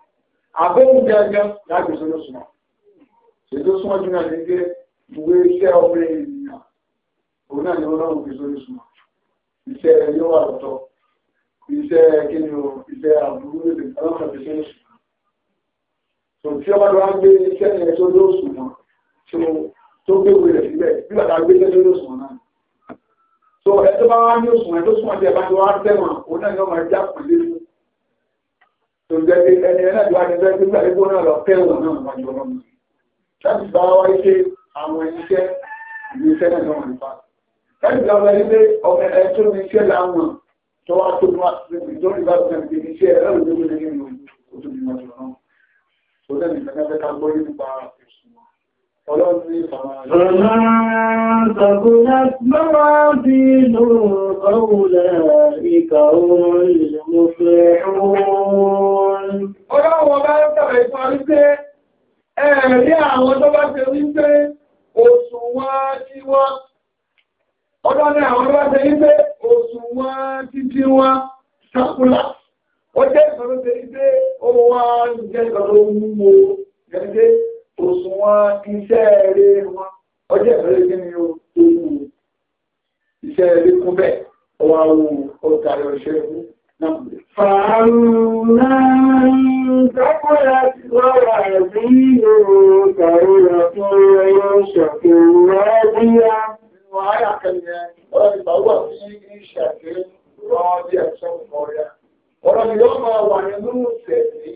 àbóhùn gẹ́gẹ́ láti ṣe ló súnmọ́ ṣètò súnmọ́ jù náà nígbé ìwé iṣẹ́ ọmọdé ènìyàn òun náà ni ọlọ́run fi sórí súnmọ́ iṣẹ́ yóò wà lọ́tọ̀ iṣẹ́ kíni o iṣẹ́ àbúrú lèdè ọlọ́run fi sórí súnmọ́ tó tí ọba lọ́wọ́ gbé iṣẹ́ yẹn tó ló súnmọ́ tó tó gbé wẹ̀ rẹ̀ síbẹ̀ bí bàtà gbé iṣẹ́ tó ló súnmọ́ náà so ẹ tó bá wá ní òṣùwọ̀n tó súnmọ́ tí ẹ bá ti wá tẹ̀wọ̀n òun náà ni ọmọ ẹja pẹ̀lú tó ẹni ẹ̀nà ìwà ni bẹ́ẹ̀ nígbà tí lọ tẹ́wọ̀n náà wọ́n jọ lọ́nà láti bá wá iṣẹ́ àwọn iṣẹ́ ìlú náà náà nípa láti bá wá ilé ọmọ ẹ̀ tó ní iṣẹ́ láwọn tó wá tó wá tó ní bá tó ní iṣẹ́ ẹ̀rọ ìlú ní òtún ìmọ̀ jọ náà tó lẹ́nu ìfẹ́ فمن na موازينه فأولئك هم المفلحون Ọlọ́run ń ẹ̀rí àwọn tó bá ṣe oṣù tí àwọn tó bá ṣe oṣù tí tí ṣàkúlà. Ó jẹ́ wá jẹ́ òṣùwọ̀n iṣẹ́ rere wọn ọjọ́ ìfẹ́lẹ́ kí ni ó tó wù iṣẹ́ rere kún bẹ́ẹ̀ ọwọ́ àwọn ọ̀tà rẹ̀ ṣe ọ̀rọ̀ ni yóò máa wà nínú ìṣẹ̀lẹ̀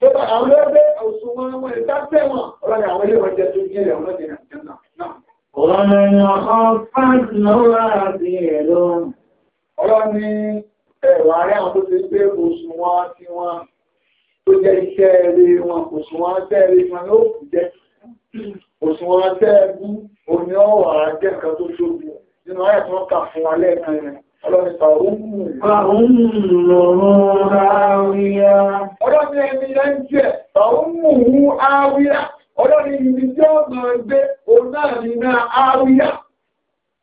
tó bá àwọn ẹgbẹ́ ẹ̀lọ́. Ọlọ́ni ẹ̀wà rẹ̀ àwọn tó ti gbé òṣùwọ̀n tí wọ́n tó jẹ́ iṣẹ́ eré wọn, òṣùwọ̀n tẹ́ẹ̀rẹ́ wọn ló kù jẹ́. Òṣùwọ̀n tẹ́ẹ̀bú, òní ọ̀wà jẹ́ nǹkan tó tóbi nínú ayẹ̀ tí kà fún wa Ọlọ́rin ibi tí ó máa gbé òun náà ní náà áwíyà.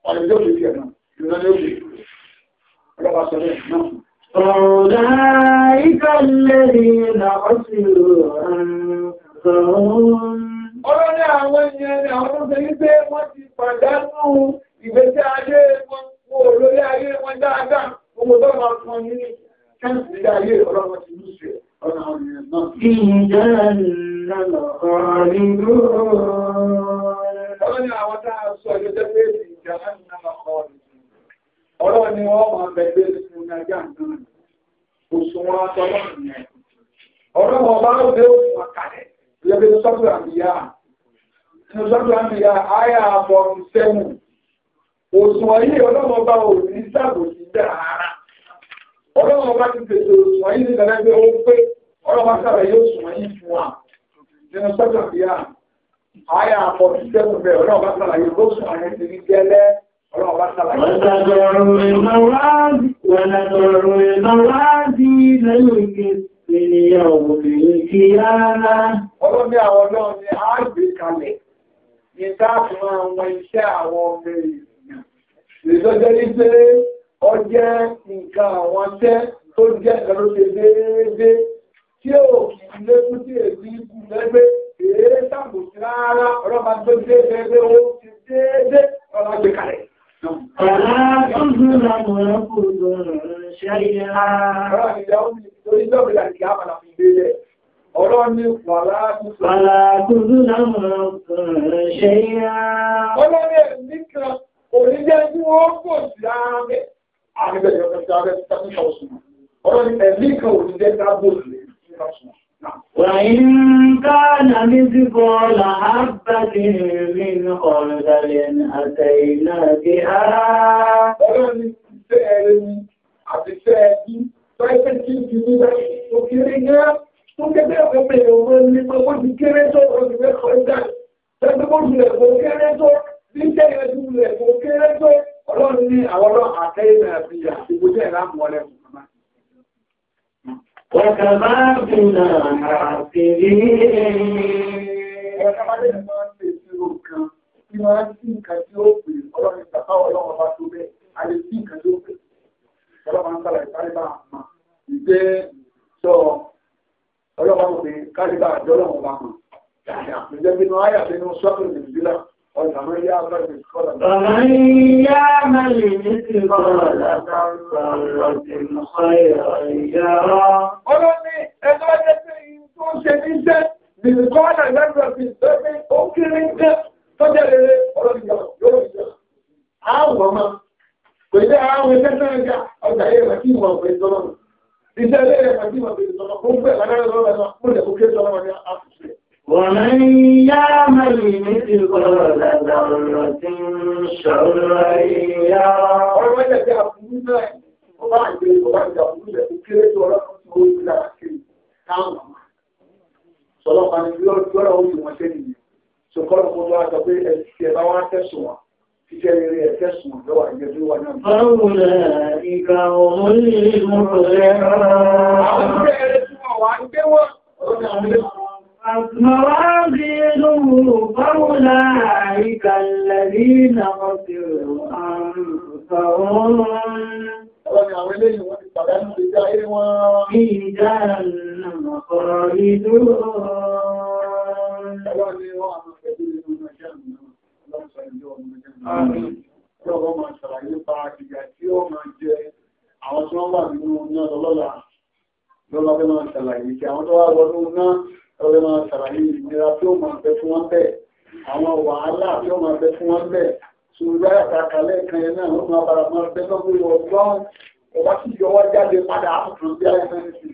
Ọ̀rẹ́ yóò lè fi ẹ̀nà, ìrìnlẹ́ yóò lè. Ọlọ́pàá sọ rẹ̀ náà. أولئك الذين خسروا أنفسهم. Ọlọ́rin àwọn ènìyàn ni àwọn tó ṣe ní pé wọ́n ti pàdánù في جهنم خالدون ọlọ́ọ̀bá sàlàyé bó sàlàyé ti ní gẹ́lẹ́ tẹ́lẹ̀ bí aburú náà ó bá ń gbé ọba ìjà aburú rẹ̀ ó kéré tó ọlọ́run tó ó gbé lára kiri táwọn ọmọ sọlọ́ kan ní lọ́rọ̀ ó sì wọ́n ṣe nìyẹn sọkọ́lọ́ kó tó wá sọ pé ẹ ti ẹ bá wá tẹ̀sùn wọn Iṣẹ́ rere ẹ̀fẹ́ sùn lọ́wọ́ ìyẹjú wa náà. Báwo lẹ̀ ìgbà òun lè mú rẹ̀ rárá? Àwọn ìṣẹ́ rẹ̀ tí wọ́n wá ń gbé wọ́n. Mọ̀wá bí lóhùn báwo láàrín kàlẹ̀ ní Ọlọ́ni àwọn eléyìn wọ́n ti pàdánù ìjá ayé wọn. Ìjá àrùn ọ̀rọ̀ ìlú ọ̀rọ̀. Ọlọ́ni wọ́n àwọn ẹgbẹ̀rẹ̀ ìrìnà jẹ́ àmì náà. Ọlọ́run máa ṣàlàyé nípa ìyà tí ó máa jẹ àwọn tí wọ́n wà nínú náà lọ́lọ́lá. Lọ́lọ́bẹ́ máa ṣàlàyé kí àwọn tó wá wọnú náà lọ́lọ́bẹ́ máa ṣàlàyé ìnira tí wàhálà tí ó máa bẹ fún wọn bẹ́ẹ̀ ṣùgbọ́n àkàkàlẹ̀ kan yẹn náà ló máa bára máa fẹ́ lọ́wọ́ ọgbọ́n ọba tí ìjọba jáde padà àtúntò bí ayé náà nìsín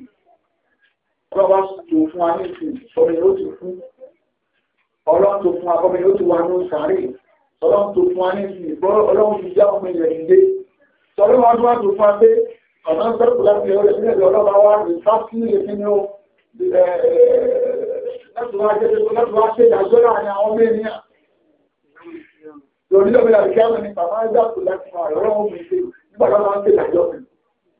tó bá tó fún wa nìsín ọmọ yóò ti fún ọlọ́run tó fún wa ọmọ yóò ti wà ní sàárè ọlọ́run tó fún wa nìsín ọlọ́run ti já ọmọ yẹn nílé tọ́lọ́ wọn tó wá tó fún wa pé ọ̀nà sẹ́kù láti ẹ̀rọ ìpínlẹ̀ ìlú ọlọ́ba wa rè fásitì ìpín láti wá ṣe ìdájọ́ láàrin àwọn ọmọ ènìyàn torí lọ́wọ́ ìlànà kí á mọ̀ nípa máa ń dàpọ̀ láti máa rọrọ́ wọn mi ṣe nígbà tó máa ń tètè àjọ mi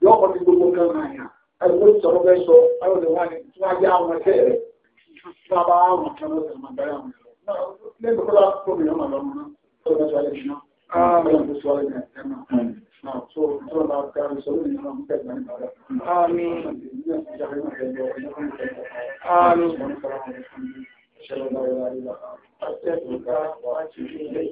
yọ ọkọ mi gbogbo nǹkan máa yàn ẹgbẹ́ tó sọ̀rọ̀ bẹ́ẹ̀ sọ ayọ̀ lè wá ní tí wọ́n á jẹ́ àwọn ẹ̀kẹ́ rẹ̀ tí wọ́n bá àwọn kan lọ́sẹ̀ máa bá yà wọn lọ. lẹ́yìn tó bá tó mi yàn máa lọ́mọ náà tó bá tó alẹ́ ṣe náà ọlọ́run tó sọ ọ́ lẹ́yìn ẹ̀ náà tó tó bá tó alẹ́ sọ lónìí náà mú kẹ́kẹ́ nípa rẹ̀. Àmín. Àmín.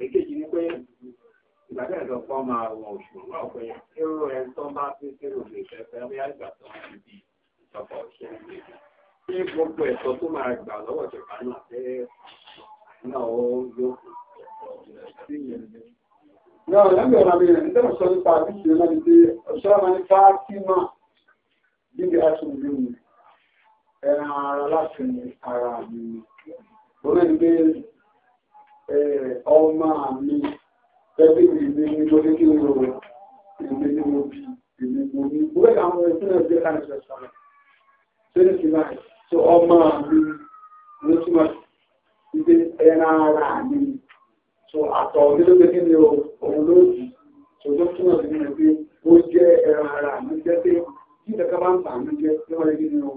Èkejì ni wọn oṣù náà pé irú ẹ̀ tó bá fi kérò lè fẹ́fẹ́ rí àgbà tó wọ́n ti di ìjọba òṣèlú lè gbogbo ẹ̀tọ́ tó máa gbà lọ́wọ́ ìjọba náà náà ó yóò kù. Náà lẹ́gbẹ̀ẹ́ ọ̀nà mi rẹ̀ nítorí sọ nípa àbíṣe náà ni pé ọ̀ṣọ́ máa ń fá sí máa bí i aṣọ òbí mi. ẹran ara láti ní ara mi orí gbé ọmọ mi ẹbí ìgbé ní lórí kí o ìgbé ní mo bí ìgbé mo ní orí àwọn ẹ̀sìn ẹ̀sìn ẹ̀ka ní sọ̀rọ̀ ṣé ní sílá tó ọmọ mi ló túmọ̀ ìgbé ẹran ara mi tó àtọ̀ nílé kí ni òun ló dì tó tó túmọ̀ sí ní pé ó jẹ́ ẹran ara mi jẹ́ pé kí bá ń bà mí jẹ́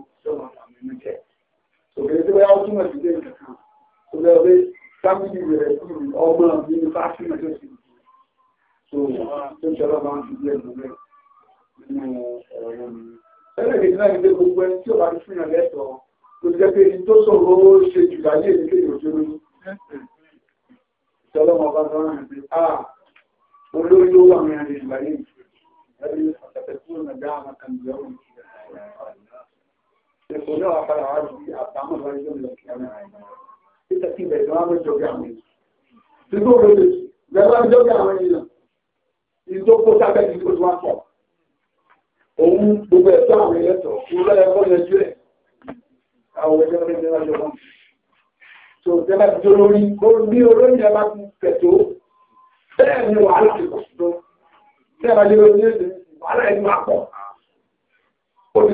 ìlú jẹ òkèlè ní fásitì mọ̀ tó sì tó tó ń ṣọlọ́ máa ń fi ilé ìlú rẹ̀ nínú ọ̀rọ̀ wọn nìyí. Tẹ́lẹ̀ kejì náà ní pé gbogbo ẹni tí ò bá ti fún ìyàn lẹ́tọ̀ọ́ tó jẹ́ pé Pero yo voy a parar y estamos hablando de lo que hablan ahí. Esta sí, pero no hablo yo que hablo. Si tú lo dices, le hablan yo que hablo. Y tú puedes saber que tú lo haces. Òun gbogbo ẹ̀tọ́ àwọn ẹ̀tọ́, òun lọ́yẹ̀ kọ́ yẹjú ẹ̀. Àwọn ẹgbẹ́ ọmọ ẹgbẹ́ ọjọ́ So, ṣe bá ti jó lórí, bí olóyìn ẹ bá ti pẹ̀tó, bẹ́ẹ̀ ni wàhálà ti pọ̀ sí tó. Ṣé ẹ bá jẹ́ lórí ẹ̀sìn, wàhálà ẹ̀ ti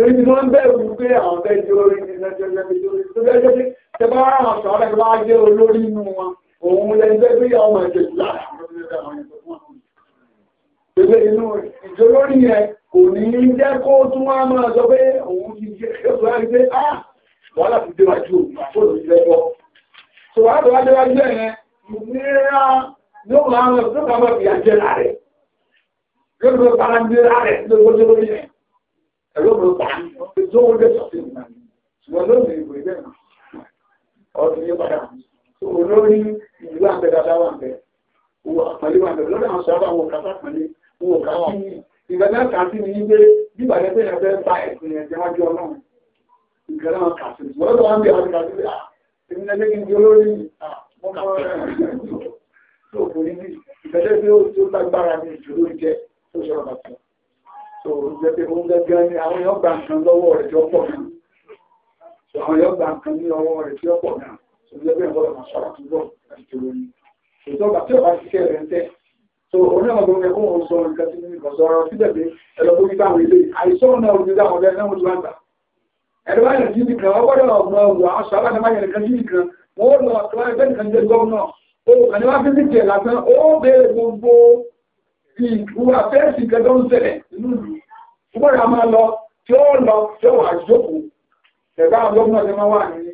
torí tí wọ́n bẹ̀rù pé àwọn fẹ́ jẹ́ orí ní ìjọlórí yẹn kò ní jẹ́ kó tún wá máa sọ pé òun ti jẹ́ ẹ̀kọ́ láti pé ah wọ́n láti déwájú àpòlò ìrẹ́bọ́ so wá tó wá déwájú ẹ̀yẹn ìnira yóò máa rẹ̀ tó kàmọ́ ìyàjẹ́ rẹ̀ yóò tó bá ń dé rẹ̀ lórí yẹn ẹ̀rọ mi pa tó wọ́n lé sọ̀tẹ̀ nígbà ṣùgbọ́n lónìí ìwé bẹ́ẹ̀ ọdún yẹn padà tó olórí ìlú àbẹ̀dàdà wà bẹ̀ wọ àpàlẹ́ wà bẹ̀ lọ́dọ̀ àwọn sọ̀rọ̀ àwọn òkàtà pẹ̀lẹ́ wọ òkàtà ìgbà náà kà sí ni wípé bí ìbàdàn pé ẹ̀fẹ́ bá ẹ̀sìn ẹ̀jẹ̀ wájú ọlọ́run ìgbà náà kà sí ṣùgbọ́n lọ́dọ̀ wọn bí àwọn kà sí pé èmi náà lẹ́yìn di olórí wọn kà wọ́n rẹ̀ tó kò ní bí ìgbàdàn pé ó lágbára ní ìṣòro jẹ́ tó ṣọ̀rọ̀ bàtà so jẹ́ pé oúnjẹ gẹ́gẹ́ ni àwọn yóò gba nǹkan lọ́wọ́ rẹ̀ tí ó pọ̀ náà so àwọn yóò gba nǹkan ní ọwọ́ rẹ̀ tí ó pọ̀ náà so jẹ́ pé ọgbọ́dọ̀ máa ṣọ́ra tó bọ̀ àti lórí ìjọba tí ọba ṣiṣẹ́ rẹ̀ ń tẹ́ so onímọ̀ gbogbo ẹ̀kọ́ òun sọ nǹkan tí nínú ìkọ̀sọ́ ọ̀rọ̀ síbẹ̀ pé ẹlọ́gbó ní táwọn ilé àìsàn náà ojú dáwọn ọ̀dẹ́ náà ojú àgbà ẹ̀rọ bá yẹn jíjì kan ọgbọ́dọ̀ ọmọ ọmọ àwọn sọ abájọba yẹn kan jíjì ìwà fẹ́ẹ̀sì gẹ́gẹ́ ń ṣẹlẹ̀ nínú ìlú ṣùgbọ́n ìyá máa lọ tí ó lọ tí ó wà jókòó ẹ̀gbá ọlọ́gbọ́n ọ̀sẹ̀ máa wà ní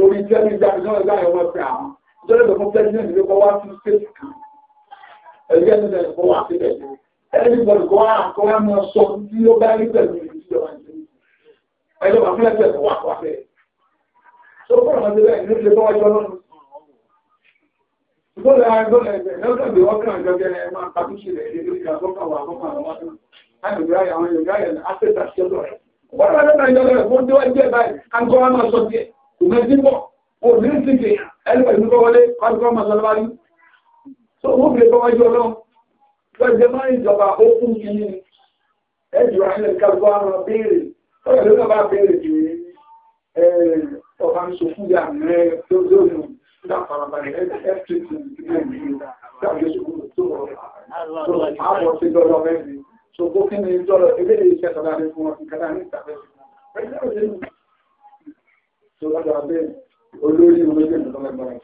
orí tẹ́lẹ̀ ìjáde náà ẹ̀gbá ẹ̀wọ̀n ẹ̀fẹ̀ àwọn ìjọba ìgbà fún tẹ́lẹ̀ ìlú kọ́ wá sí stéètì kan ẹ̀gbẹ́ ìjọba ìgbà wà síbẹ̀ ẹni fún wà wà gbọ́dọ̀ agbọ́dọ̀ ẹgbẹ̀ lọ́dọ̀ bí wọ́n kàn jọjẹ ẹ máa pàtúnṣe rẹ̀ ní lórí àkọ́kọ̀wà àkọ́kọ̀wà wọ́n tún. láti gbé àwọn yorùbá yẹn àfẹ́ta ṣọ́dọ̀ rẹ̀. wọ́n bá lọ́dọ̀ ìjọba rẹ̀ fún díwọ́n jẹ́ báyìí kánkọ́ wa máa sọ díẹ̀ òmẹ́ tí ń bọ̀ òmí ń tìkì ẹlẹ́wẹ̀ ní kọ́ wọlé kánkọ́ máa sọ́lọ́ wáyé. tó wọ́n fi kọ́ wájú ọlọ́run lọ́jẹ́ máa ń jọba ó fún mi ní ẹ̀jù àyẹ̀lẹ̀ kánkọ́ wa máa béèrè tọ́lá ló náà bá béèrè jù dáfarabalẹ̀ fct nàìjíríà dábìlẹ̀ ṣùgbọ́n tó rọrọ̀ àbọ̀ so bó kí ni dọ́lọ́ ilé iṣẹ́ tọ́lá ní fún wọn kẹta ní ìtàfẹ́ so lọ́dọ̀ abẹ́ olórí olóògbé ìlú lọ́gbàrá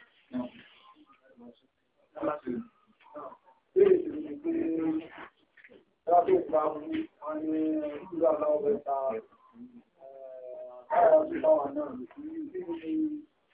Láti ìgbà wọn ni ìlú àlọ́ ọ̀bẹ̀ta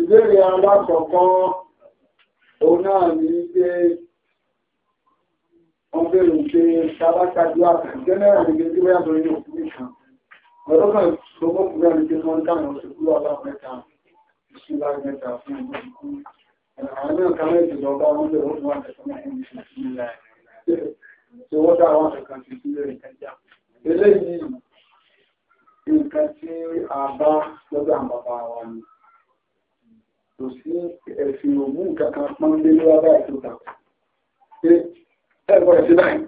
Ìbéèrè alákọ̀ọ́kọ́ òun náà ní pé wọ́n bèèrè pé ṣàbákàjú àkàjẹ́ náà ní gbé wáyà tó yóò fún ìṣàn. Ọ̀rọ̀ kan tó mọ́ fún ẹni pé wọ́n dáwọn ṣùgbọ́n alámẹ́ta ìṣúlá mẹ́ta fún ìgbẹ̀kún. Àwọn ẹ̀kan mẹ́jọ lọ bá wọ́n bẹ̀rẹ̀ wọ́n fún àtẹ̀kọ́ eléyìí nǹkan tí a bá lọ́dọ̀ àwọn bàbá wa ni kò sí ẹ̀sìn òmù kankan pọ́n lé lọ́wọ́ báyìí tó ta pé ẹ̀kọ́ ẹ̀sìn báyìí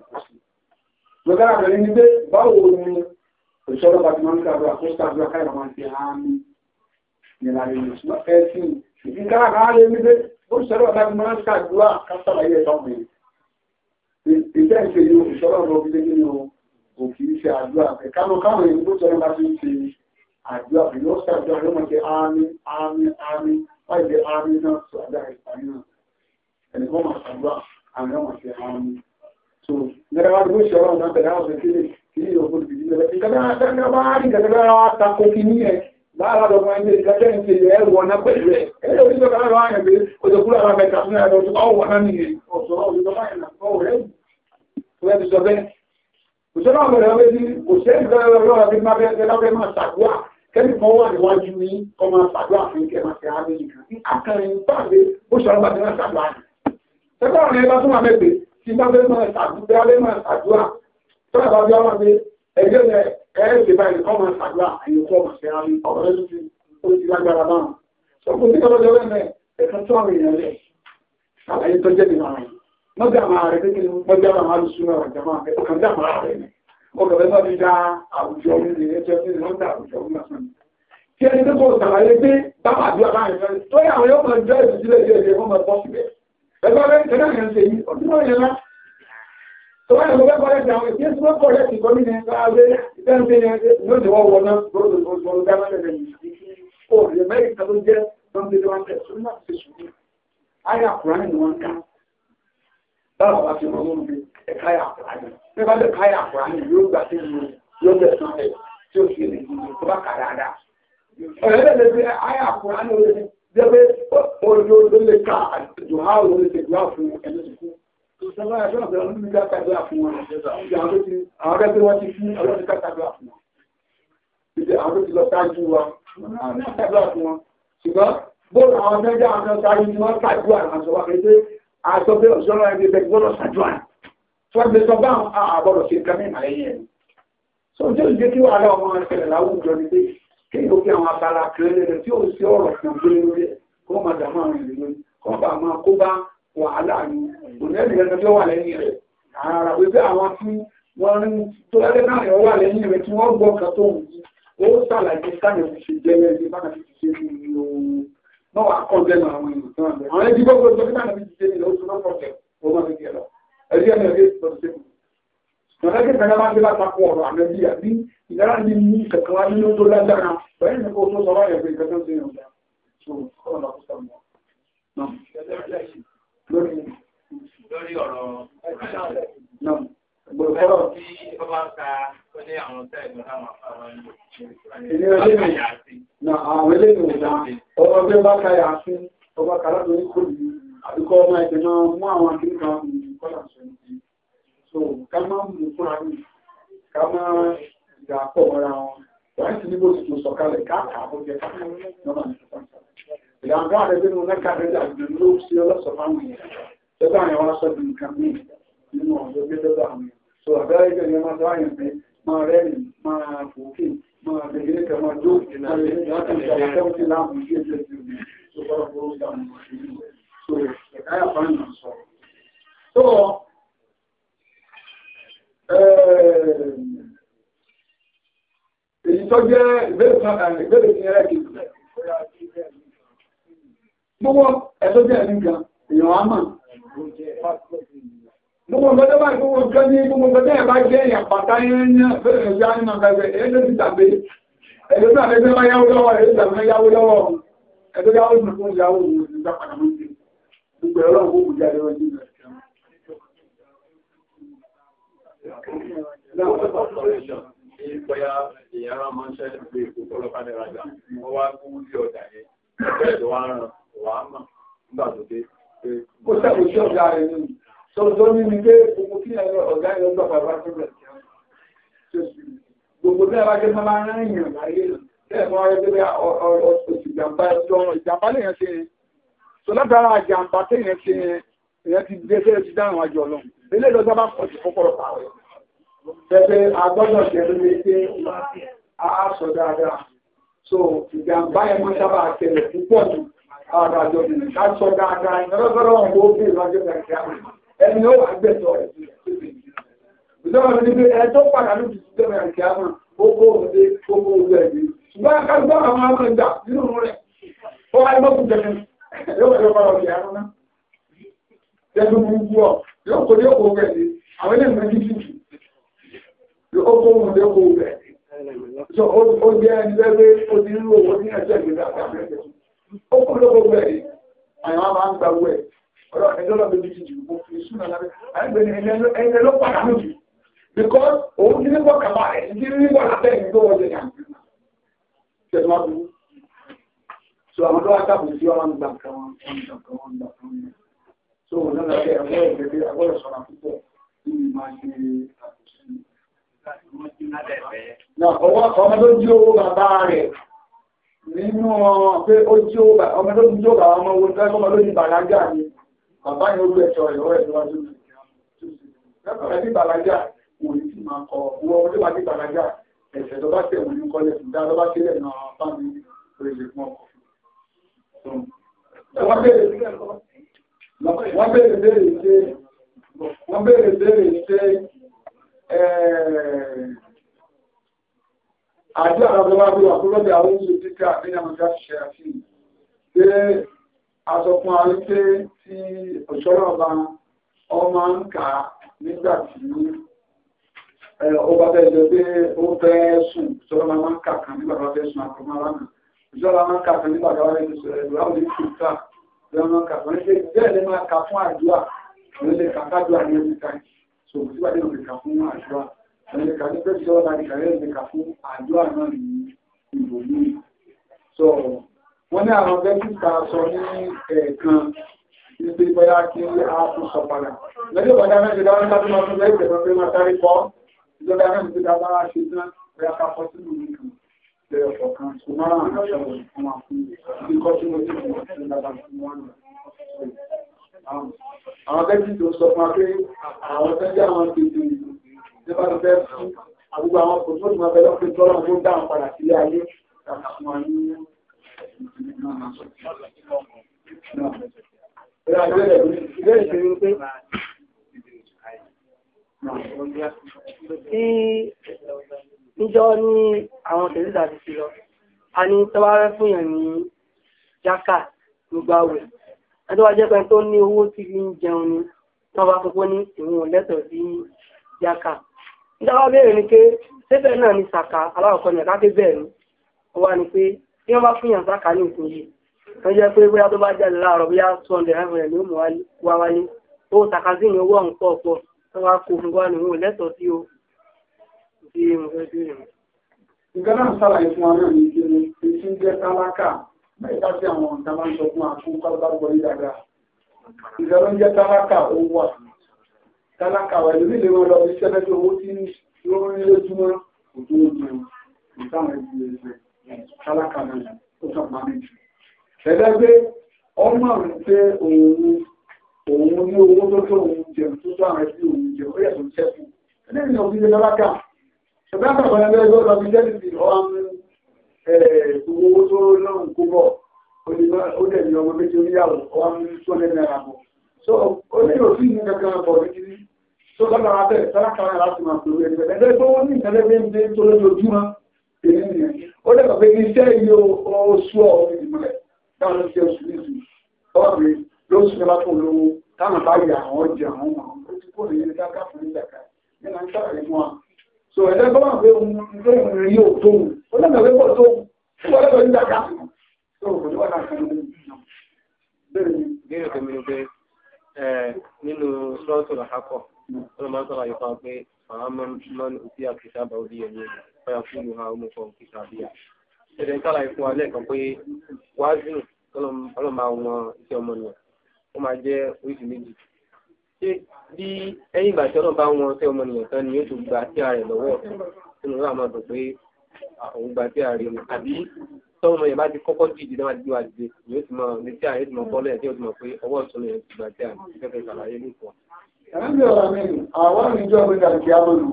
mo dára rẹ̀ ní pé báwo ni òṣìṣẹ́ ọlọ́pàá ti máa ń gbàdúrà kó gbàdúrà káyọ̀ máa ti há mi nílá rẹ̀ ní ṣùgbọ́n ẹ̀sìn ìdí kára kan á lé ní pé òṣìṣẹ́ ọlọ́pàá ti máa ń gbàdúrà kásàlàyé ẹ̀sọ́ mi ìṣẹ́ ìṣe òṣìṣẹ́ ọlọ́pàá kò kì í ṣe àdúrà pé kánú káwọn èèyàn tó sọ̀rọ̀ bá ti ń ṣe àdúrà pé yóò ṣe àdúrà yóò mọ̀ pé ámì ámì ámì láì jẹ́ ámì náà sọ àdúrà ìpàdé náà ẹni kọ́ mọ̀ àdúrà àmì ọmọ ṣe ámì. so nígbà wá dúró ṣọlọ́ náà pẹ̀lú àwọn kékeré kí ní òkú ìdílé rẹ̀ ìgbàgbà bá rí ìgbàgbà wá takò kí ní ẹ̀ láàárọ̀ ọmọ ilé ìgbàgbà ń ṣe ẹ̀ wọ̀ pẹ̀lú ẹ̀ ẹ̀ lórí ìjọba àwọn àyàn pé òṣèkúrò àwọn abẹ́ta fún ẹ̀rọ tó bá wọ̀ náà nìyẹn ọ̀ṣọ́ òṣèkúrò àyàn náà òṣèlú àwọn ẹ̀rọ méjì òṣèlú ìgbẹ́rẹ̀ ọlọ́rọ̀ bí má bẹ́ẹ̀ lọ́pẹ́ máa ṣàdúrà kẹ́lì kan wà níwájú yí kọ́ máa ṣàdúrà fún kẹ́ máa ṣe àmì nìkan ní akẹrin báàbí ó ṣọ̀rọ̀ bá ti máa ṣàdúrà ní. ṣẹ́gbọ́n rẹ̀ bá tún máa mẹ́gbẹ̀ tí má bẹ́ẹ̀ máa ṣàdúrà bẹ́ẹ̀ máa ṣàdúrà tọ́lá bá bí ọmọ mi ẹgbẹ́ rẹ̀ ẹ̀ẹ́dẹ̀ báyìí kọ́ máa ṣàdúrà àyè kọ́ máa ṣe àmì ọ̀rọ̀ rẹ̀ tuntun ó ti lágbára báwọn. sọ mọ́jàmá rẹ̀ kékeré mọ́jàmá máa lùsùn náà jàmá rẹ̀ ó kàn jàmá rẹ̀ ni ó kàn bẹ́ẹ̀ bá fi dá àwùjọ orílẹ̀ ẹjọ́ ní ìlú ọ̀dà àwùjọ orílẹ̀ sọ́nà kí ẹni tó kọ́ sàlàyé pé bàbá àdúrà bá ń fẹ́ tó yà àwọn yóò máa jọ ìlú sílẹ̀ ìlú ẹ̀jẹ̀ wọ́n máa síbẹ̀ ẹgbẹ́ rẹ̀ kẹ́lá yẹn ṣe yí ọdún náà yẹn lá tó wáyé ló bẹ́ẹ̀ kọ́lẹ́tì àwọn táwọn bá fi mọ̀ mọ́ bí ẹ̀káyà àkùránì bí bá bẹ̀ káyà àkùránì yóò gbà sí ìlú yóò bẹ̀ sọ ẹ̀ tí ó fi lè di tó bá kà dáadáa. ọ̀rẹ́ bẹ̀rẹ̀ bí ayà àkùránì ó lè jẹ́ pé ojú ló lè ka àjòhá ó lè ṣe ìdúrà fún ẹni tó kú. ìṣẹ̀lẹ̀ àjọ́ àbẹ̀rẹ̀ ló ní ká tàbíà fún wọn. àwọn akẹ́kọ̀ọ́ wọn ti fi ọlọ́run ká tàbíà fún wọn. ṣùgbọ́n bóòlù àwọn mẹ́jọ àwọn sáájú ni wọ́n tàbí àwọn àṣọ wa kéde àtọ́bẹ̀ ọ̀ṣọ́rọ̀ ẹgbẹ́ bẹ̀ gbọ́dọ̀ ṣàdúrà fọ́gbẹ́ sọ bá ah, àbọ̀rọ̀ sí nǹkan mẹ́rin àyẹ̀yẹ rẹ̀ so tí ó jẹ́ kí wàhálà ọmọ ẹ̀ṣẹ̀lẹ̀ láwùjọ ni pé kí ó fi àwọn abala kẹrẹ́lẹ̀ rẹ̀ tí ó sì ọ̀rọ̀ kan gbé lórí kó má dà máa rìn lórí kó bá máa kó bá wàhálà ni ònẹ́ẹ̀dì rẹ̀ tó wà lẹ́yìn rẹ̀ ara pé pé àwọn tí wọ́n rí tó lẹ́gbẹ́ náà rẹ̀ wà lẹ́yìn rẹ̀ náà wà kọ́ńtẹ́nù àwọn èèyàn tó wà bẹ́ẹ̀. àwọn ẹbí gbogbo ọjọ́ nígbà náà ti ṣe nílò oṣù náà kọ́ńtẹ́ òun náà fi kí ẹ lọ. ẹbí ẹni ẹbí ti tọ́jú sẹ́kù. ìrọ̀lẹ́ kí kankan máa ń gbé láta kún ọ̀rọ̀ àmì ẹbí àbí ìdára ní mú kankan wá nínú tó lágbára pẹ̀lú ẹni kó tó sọ wáyà pé nǹkan tó ń Gbogbo tí ó bá ń ka ó ní àwọn ọ̀tá ìgbọ̀n láwọn afárá ń lò. Ilé ọdún mi, na àwọn eléyìí ò dá. Ọ̀rọ̀ bí ó bá ka yà sí, ọba kàlá tó ní kò ní àdúgbò ọmọ ẹ̀jẹ̀ náà àwọn akínkà kọ́là sọ̀rọ̀ so ká máa mú fúnra mi ká máa ìgbà pọ̀ mọ́ra wọn wọ́n ti ní bó ti tó sọ̀kalẹ̀ káàkà ó jẹ káàkà lọ́wọ́ ní sọ̀kalẹ̀ ìdàgbà rẹ̀ nínú lẹ́ka rẹ̀ dàbí ló sí ọlọ́sọ̀ àwọn aṣọ nǹkan àwọn èèyàn so àgbáyé ìjọ eh, eh, ni ọmọ sáwáyé pé máa rẹ́rìn máa fòókè máa bẹ̀rẹ̀ kan máa jó láti ìjọba tí láàmú sí ẹsẹ̀ tí ó tó bọ́rọ̀ bọ́rọ̀ dàmú so ẹ̀ka yàtọ̀ ìnà sọ. so èyí tó jẹ́ ìbéèrè tí ẹ̀rẹ́ kìí gbogbo ẹ̀tọ́ jẹ́ ẹ̀mí kan èèyàn á mà. Gbogbo ọ̀gọ́dọ́ bá gbogbo ọ̀gọ́ ní gbogbo ọ̀gọ́dọ́ ẹ̀bá jẹ́ èèyàn pàtà yẹn fẹ́rẹ̀ ìyá nínú ọ̀gọ́dọ́ ẹ̀ẹ́dọ́ ti tàbí ẹ̀ẹ́dọ́ tàbí ẹgbẹ́ máa yáwó lọ́wọ́ ẹ̀ẹ́dọ́ tàbí máa yáwó lọ́wọ́ ẹ̀ẹ́dọ́ yáwó nù fún ìyáwó nù nígbà padà mọ́ sí gbogbo ẹ̀rọ òkú jáde Sọ́jọ́ ní ni pé gbogbo kí ẹ̀rọ ọ̀gá ẹ̀rọ gbà bàbá tó rẹ̀ kí á. Gbogbo bí abájẹ́ máa máa rán èèyàn láyé bẹ́ẹ̀ mọ́ ọ̀rẹ́ bíi oṣù ìjàmbá ẹjọ́ ìjàmbá lèèyàn ṣe yẹn. Sọ látara ìjàmbá téèyàn ṣe yẹn, èèyàn ti gbé fẹ́ẹ́ ti dáhùn àjọ lọ. Ilé ìlọ́jọ́ bá pọ̀ jù fọ́pọ̀rọ̀ pààrọ̀. Bẹ́ẹ̀ agbọ́dọ̀ jẹ́ lórí pé a sọ dáadáa. So ìjàmbá ẹ̀ máa sábà kẹlẹ̀ púpọ̀ jù. Àwọn àjọ ìrìn ká sọ dáadáa ìrọ́gọ́rọ́ ọ̀hún ó bí ìrọ́jọ́ ẹni ó wà gbẹ̀tọ̀ rẹ̀ ìjọba mi ní pé ẹ tó padà ló ti ṣiṣẹ́ mi àti àwọn owó òde owó òde ẹ̀dí ṣùgbọ́n akágbọ́ àwọn akọ̀ǹda nínú rẹ̀ ó wá lọ́kùn jẹ̀mí yóò wẹ̀ lọ́kọ̀ ọ̀rọ̀ ìyá rúná jẹ́nu gbogbo ọ̀ yóò kó yóò kó rẹ̀ ní àwọn ilé ìmọ̀ jíjì jù ó jẹ́ ẹni bẹ́ẹ̀ ó ti ń lo owó ní ẹ̀jẹ̀ ìgbésẹ̀ àti àbẹ̀rẹ̀ ó kó lóko rẹ̀ máa ń gba ẹ̀ ọ̀rọ̀ ẹjọ́ lọ bẹ̀rẹ̀ jù kò fi súnà lábẹ́ àgbẹ̀ ni ẹ̀yẹ ló padà lójú because òun ti nígbọ́ kàmá rẹ̀ ti nígbọ́ lábẹ́ ìgbó wọlé yà tẹ̀síwá bú so àwọn tó wá sábò sí ọmọ nígbà kan wọn nígbà kan wọn nígbà kan wọn so wọn náà lọ́kẹ́ ẹ̀wọ́ ìgbẹ́gbẹ́ agbọ́dọ̀ sọ̀rọ̀ púpọ̀ nínú máa ṣe àkóso náà ọwọ́ ọmọ tó jí owó bàbá rẹ̀ nínú pé ó jí owó ọmọ tó jí owó bàbá ọmọ owó tó ẹgbẹ́ ọmọ lónìí bàlágà ni bàbá yẹn ó gbẹ̀tọ̀ ìrọ̀ ẹ̀ lọ́wọ́ lẹ́kọ̀ọ́ ẹbí bàlájà wò ní tí máa kọ wọ olúwa ní bàlájà ẹ̀sẹ̀ tó bá tẹ̀wọ̀n ní kọ́lẹ̀ fún dá lọ́bá sílẹ̀ náà bá mi rèé lè fún ọkọ̀. wọ́n béèrè béèrè ṣe wọ́n béèrè béèrè ṣe àjọ àwọn ọmọ wa a sọ fún wa wípé tí ọ̀ṣọ́lọ́ba ọmọ ń kà nígbà tí ó bá fẹ́ jẹ pé ó fẹ́ sùn ọ̀ṣọ́lọ́ba máa ń kà kan nígbà tó fẹ́ sùn àkọ́mọ́ aláàmì ọ̀ṣọ́lọ́ba máa ń kà kan nígbà tó fẹ́ sùn ẹ̀dùn àwọn ìfúta lọ́nà kà fún ẹgbẹ́ bẹ́ẹ̀ lè máa kà fún àdúrà ló ká so kò síwájú ló lè kà fún wọ́n ní àwọn dókítà sọ ní ẹ̀ẹ̀kan ìpè bọ́yá kí a tún sọ padà lẹ́yìn ìbàdàn náà ti dáwọn sábẹ́ máa tún lẹ́yìn ìjọba pé máa sáré kọ́ ìjọba náà ti dá bára ṣe tán bóyá ká fọ́ sínú ìlú kan lẹ́yìn ọ̀kan ṣùgbọ́n àwọn àṣọ wọn máa fún mi kọ́ sínú ìlú Tí ní àwọn tẹ̀lẹ́dà ti ti lọ, a ní tọ́wárẹ́ fún èèyàn ní jákà gbogbo àwẹ̀. Ẹjọ́ jẹ́ pẹ́ tó ní owó tí fi ń jẹun ni, tọ́ bá ní ìwọ̀n lẹ́tọ̀ sí jákà. Ìjọba bẹ́ẹ̀ ni pé, sẹ́fẹ̀ náà ni sàkà aláwọ̀kọ́ tí wọ́n bá fún yàn sáka ní nǹkan yìí wọ́n jẹ́ pé bóyá tó bá jáde láàárọ̀ bóyá two hundred five hundred ni ó mú wá wálé owó takasí ni owó ọ̀hún pọ̀ pọ̀ wọ́n wá kó fún wa ní òun lẹ́tọ̀ọ́ sí o sí mo fẹ́ bèèrè. nǹkan náà ṣàlàyé fún wa náà ní kí ni etí ń jẹ́ tálákà mẹ́ta sí àwọn ọ̀gá máa ń sọ fún akókò àgbàgbọ́ yìí dáadáa ìjọba ń jẹ́ tálákà ó wà tálákà wà ìlú ìlú wọn lọ sí sẹ́fẹ́ tó owó tí ń rí lójúmọ́ òjò òjò ìtàwọn ẹgbẹ́ tálákà náà ó sọ pàmẹ́ntì ẹ̀dẹ́ pé ọmọ rẹ̀ pé òun òun ní owó tó tó òun jẹun tó tó àwọn ẹbí òun jẹun ó yẹ tó ń sẹ́kù ẹ̀dẹ́ ìyàn òbí tálákà ṣùgbọ́n àtàwọn ẹgbẹ́ ẹgbẹ́ ọ̀dọ́ mi jẹ́ ti ọ̀hún owó tó lọ́rùn kó bọ̀ ó dẹ̀ ní ọmọ méjì oníyàwó ọ̀hún tó lẹ́ náírà bọ̀ so ó ní òfin ní kankan bọ̀ nítorí tó lọ́nà abẹ́ tálákà náà láti máa pè é ẹgbẹ́ tó ní ìtẹ́lẹ́gbẹ́ ń dé tó lójoojúmọ́ èyí nìyẹn ó dẹ̀ pàpẹ́ ní iṣẹ́ iye oṣù ọ̀rọ̀ ìdíbẹ̀rẹ̀ dáwọn ló ṣe oṣù nìṣù ọ̀rẹ́ lóṣù ní bàtún olówó táwọn bá yà àwọn jẹ àwọn ọmọ ó ti kó nìyẹn dáká fún ìjàkà nínú ìṣàlẹ̀ fún wa so ẹ̀dẹ́ bọ́ wà pé ohun tó ń rí yóò tó wù ó dẹ̀ wọn máa ń sọ̀rọ̀ yìí fún wa pé àwọn máa ń fi àkìsà bá orí ẹ̀yẹ báyà fún ìlú àwọn ọmọkọ̀ òkìsà bíyà. ṣẹlẹ̀ ń sàlàyé fún wa lẹ́ẹ̀kan pé wáàzù ọlọ́run máa wọn iṣẹ́ ọmọ nìyẹn ó máa jẹ́ oríṣi méjì. ṣé bí ẹ̀yìn ìgbà tí ọlọ́run bá wọn iṣẹ́ ọmọ nìyẹn tán ni yóò tún gba tí a rẹ̀ lọ́wọ́ sínú ọlọ́run máa dùn pé òun gba tí rẹ̀ mọ̀ àbí tọ́wọ́n yẹn bá ti kọ́kọ́ dìde náà dìde wá dìde yóò ti mọ ní tí yóò ti mọ bọ́ọ̀lù yẹn tí yóò ti mọ pé ọwọ́ ọ̀tún yẹn ti gba tí rẹ̀ fẹ́fẹ́ ṣàlàyé nìkan. Ẹ̀rẹ́bí ọ̀rọ̀ mi, àwọn ìjọ ìgbẹ̀dà kí á lòlù,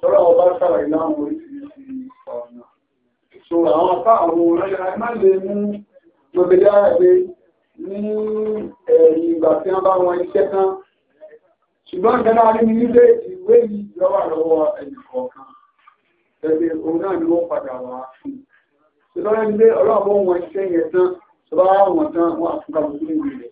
tọ́rọ ọba sára ìlànà oríṣiríṣi ọ̀nà. So àwọn apá àwọn olóyìnbá má lè mú lọ́bẹ̀dá rẹ̀ ní ẹ̀yìn ìgbà tí wọ́n bá wọn iṣẹ́ tán. Ṣùgbọ́n ìjọba rí mi nílé ìwé yìí lọ́wà lọ́wọ́ ẹnì kọ̀ọ̀kan. Ẹgbẹ́ òun náà ni wọ́n padà wá fún. Ṣùgbọ́n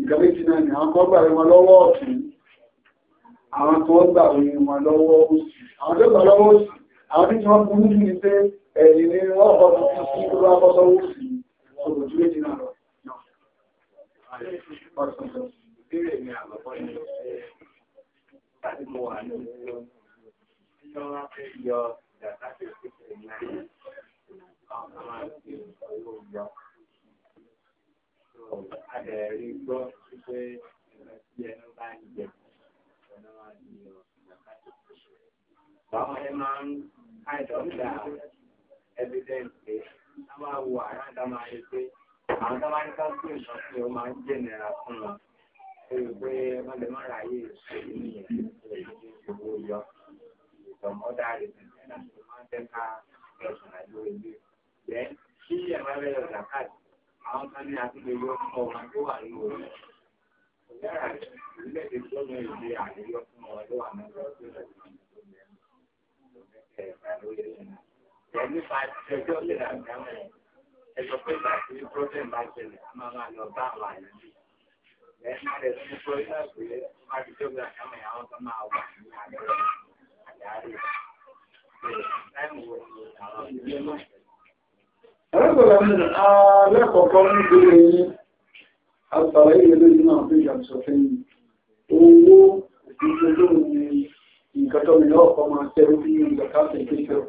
ìkan méjì náà ni àwọn kan gbà wọn lọ́wọ́ ọ̀tún àwọn kan gbà wọn lọ́wọ́ òsì àwọn tó gbà lọ́wọ́ òsì àwọn tí wọ́n burú jù ní pé ẹ̀yìn ni wọ́n kọ́ tó fi sí olú akọ́sọ́ òsì ọdún tí méjì náà lọ adẹ̀rí àwọn kan ní àtúndé ọmọ tó tó wà ní òun tó Ẹlẹ́gbẹ̀rẹ̀ mi alẹ́kọ̀ọ́kọ́ ní ìgbèrè yìí, àtàrà ilẹ̀ lórí náà fi ṣàtúnṣọ́fẹ́ yìí. Owó ìṣẹ́jú ni ìkàtọ́mì náà kọ́ máa tẹ́rù bí i ìgbàkáṣẹ̀ kéṣẹ̀.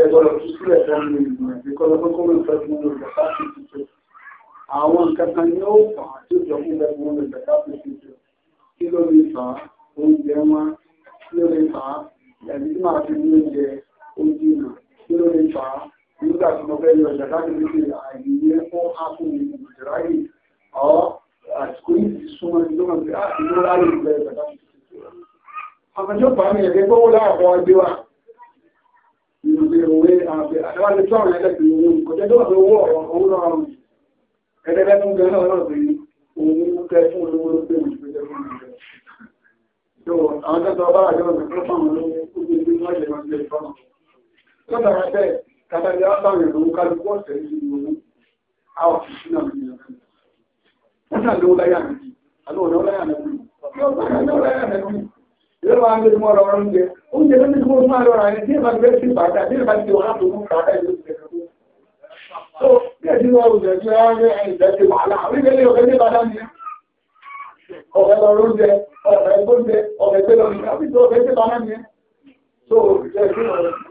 Ẹgbọ́dọ̀ tún sílẹ̀ fẹ́ràn ìgbìmọ̀ ìkọ́lọ́kọ́kọ́ mẹ́rin fẹ́ fún ìgbàkáṣẹ̀ kéṣẹ̀. Àwọn nǹkan kan ni ó fà á tí ó jọ fún ìgbàkáṣẹ̀ kéṣẹ̀. Kí ló lè fà á? Oúnjẹ wọn. Kí ló lè fà á? Ẹ̀mí tí máa fi ní oúnjẹ oúnjẹ náà. Kí ló lè fà á? nígbà tí mo fẹ́ yọ ìṣàkájú ní pé àìyẹ fún ápùnì ìráyè ọ́ àsìkò yìí ti súnmọ́ ní ah, lọ́nà ah, pé àti ló ráyè ìgbẹ́ ìṣàkájú ti ti rẹ̀. àmọ́jọ́ bá mi ẹ̀dẹ́ gbọ́wọ́ láàbọ̀ ọdẹ wa ìrùbẹ̀ òwe àbẹ̀ àdáwálé tó àwọn ẹlẹ́gbẹ̀ẹ́ owó kọjá tó wà pé owó ọ̀rọ̀ ló pé òun pẹ̀lẹ́ fún ìjọ àwọn tó bá àjọ ọ̀gbẹ̀ tó fáwọn olówó ó gbé gbé wọ́n jẹ̀ lọ́jọ́ ìfọ́nà. tó dára tàbí àtàwọn èrò kálukú ọ̀sẹ̀ nínú owó àwọn òṣìṣẹ́ náà ní ìyàwó wọn náà lówó láyà méjì àlọ́ ọ̀nà ọ̀láyà mẹ́rin ní ọ̀láyà mẹ́rin ìlú wa ń gbé mọ́ ọ̀rọ̀ oúnjẹ oúnjẹ ló ní kí wọ́n máa lọ ra ẹni tí ìbá gbé sí bàtà tí ìbá ti wọ́n á tó mú kàdá ìlú ìjẹ̀kọ́ tó bí ẹ̀dí wọn ò jẹ̀dí ọ̀rẹ́ ìjẹ̀dí wàhálà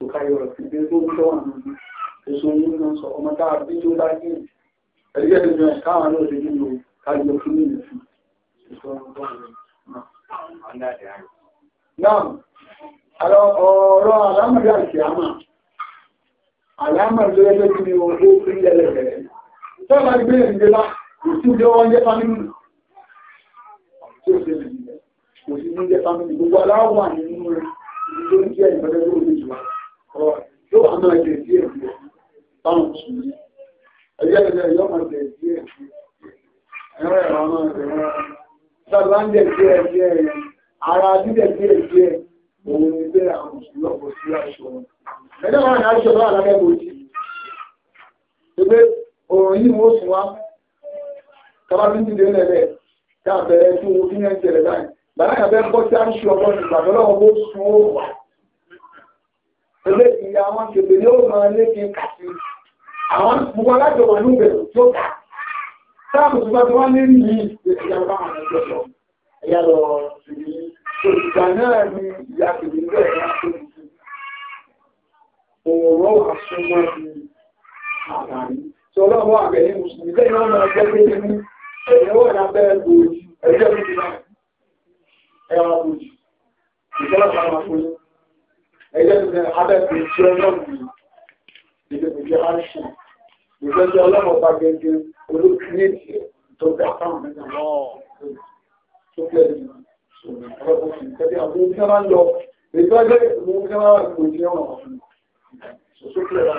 kò ká yọrọ sí pé ó gbọ́dọ̀ wà nínú èso yìí náà sọ ọmọ tá a bí tó bá yé ẹgbẹ́ ìjọ ẹ̀ káwọn náà ṣe nínú kájọ fún mi nìyí èso ọmọ tó wà nínú. náà àlọ ọ̀rọ̀ àlámọ̀dé àti àmà àlámọ̀dé ẹgbẹ́ kí ni o ó fi ẹlẹ́gbẹ̀rẹ̀ tó bá gbé ìgbélá kò sí ìjọ wọn jẹ́ fámìlì tí ó ṣe nìyí kò sí ní jẹ́ fámìlì gbogbo aláwọ̀ nínú rẹ̀ tó ń jẹ́ ìpẹ́lẹ́ tó ń jù wá yóò wà máa jẹ díẹ̀ báwọn sùn ní ẹgbẹ́ ẹgbẹ́ yóò máa jẹ díẹ̀ ẹ̀rọ ẹ̀rọ máa jẹ wọn sábà ń jẹ díẹ̀ díẹ̀ ara dídẹ̀ díẹ̀ díẹ̀ òun ni pé àwọn sùn lọ́pọ̀ sí aṣọ wọn ẹgbẹ́ wọn ni aṣọ náà lábẹ́ bòjì pé òun yìí wọ́n sùn wá kábàbí ti dé lẹ́lẹ̀ káàbẹ̀rẹ̀ tí wọ́n fi ń jẹ̀rẹ̀ báyìí bàbá yàgbẹ́ bọ́ Ẹgbẹ́ ìyá wọn ṣètò ní ó máa lé kí kàtí. Àwọn gbogbo alájọ wà ní ìbẹ̀rù tí ó kà. Sáà mo ti bá ti wá lé ní ìyá bá wọn ẹgbẹ́ sọ. Ẹ̀yà lọ sí ìgbà náà ni ìyá kìí bẹ̀rẹ̀ ní àkókò. Òwòrán wà súnmọ́ ní àbáyé. Tí ọlọ́wọ́ àgbẹ̀ ní Mùsùlùmí lẹ́yìn ọmọ ẹgbẹ́ pé ní ẹ̀yẹ́wọ̀ lábẹ́ ẹgbẹ́ òjì ẹgbẹ́ òjì náà. Ẹ̀yà òjì. Ìjọba ẹgbẹ́ tuntun adẹ́kùn tí ọlọ́run ìdíje gẹ́gẹ́ olókìlẹ́tì tó gbà fáwọn mẹ́ta tó bẹ̀rẹ̀ ọlọ́run sì tẹ́lẹ̀ àwọn omi náà máa ń lọ èyí tó jẹ́ ìwọ̀n omi náà máa ń gbòjì ẹ̀wọ̀n ọ̀fun sọ́sọ́kẹ́ rà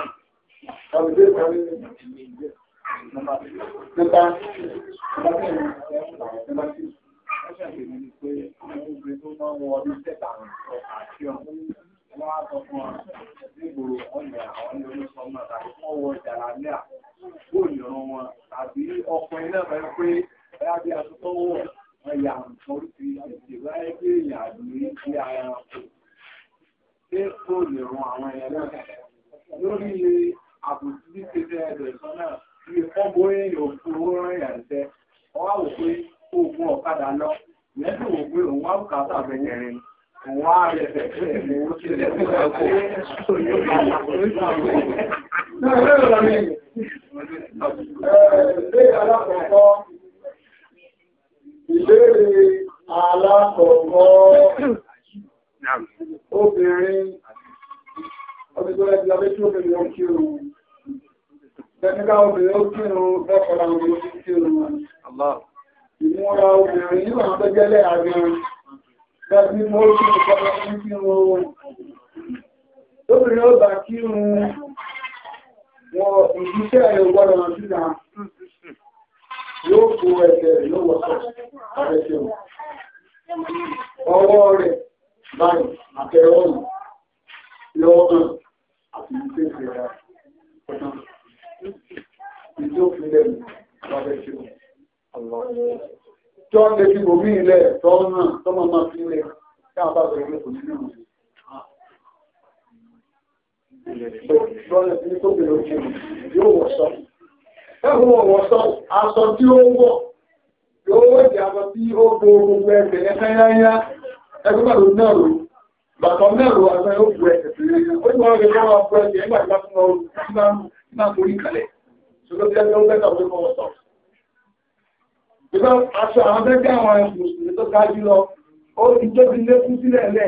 kàbí dé wọ́n á sọ fún ọ nígboro ọ̀nà àwọn ní oníṣọ́ náà tàbí wọ́n tàbí ọkùnrin náà fẹ́ Wọ́n rẹ̀ fẹ̀fẹ́ ìwò tí lè fún ẹ̀kọ́. Náà lẹ́rọ lọ́mí. Ẹ̀ẹ́dẹ́ alákọ̀ọ́kọ́, ìbéèrè alákọ̀ọ́kọ́, obìnrin, ọdún tó ẹgbẹ̀ ọdún tí obìnrin ó kírun. Tẹ́níká obìnrin ó kírun, bẹ́kọ̀ọ́lá obìnrin ó kírun. Ìmúra obìnrin nígbà tó jẹ́lẹ̀ àgbẹ̀rin. Gbẹ̀bí mo kí ìjọba fún kí oòrùn. Lóbìnrin ó bá kí oòrùn wọn ìjíṣẹ́ rẹ̀ gbọ́dọ̀ ga jùlọ ó ti tó ti lékún sílẹ̀ lẹ̀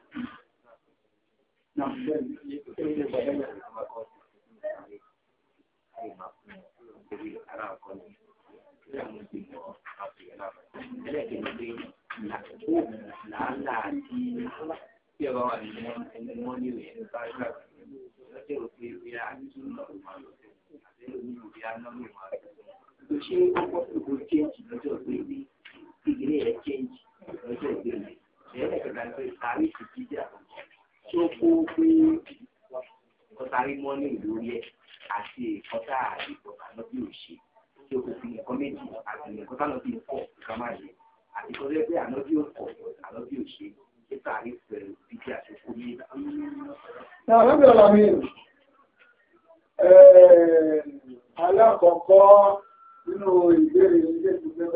ṣe ọkọ̀ ìbò change lọ́jọ́ ìgbéni ìgbéni rẹ̀ change lọ́jọ́ ìgbéni ẹ̀ẹ́dẹ̀gbẹ̀ta pé tàbí ìdíje àkọ́kọ́ tí ó kó pé kọtarí mọ́nì lórí ẹ̀ àti ìkọ́tà ìkọ́tà náà bí ò ṣe tí ó kó fi nǹkan méjì àti ìkọ́tà náà bí kọ̀ nǹkan má ṣe àti kọ́ lẹ́gbẹ́ àná bí ó kọ̀ àná bí ò ṣe nípa àrífẹ́ bíbí àti kó ní ìgbà. Ní àwọn ọ̀gbìn ọ̀la mi, alákọ̀ọ́kọ́ nínú ìbéèrè ilé ìgbésẹ̀ pẹ̀lú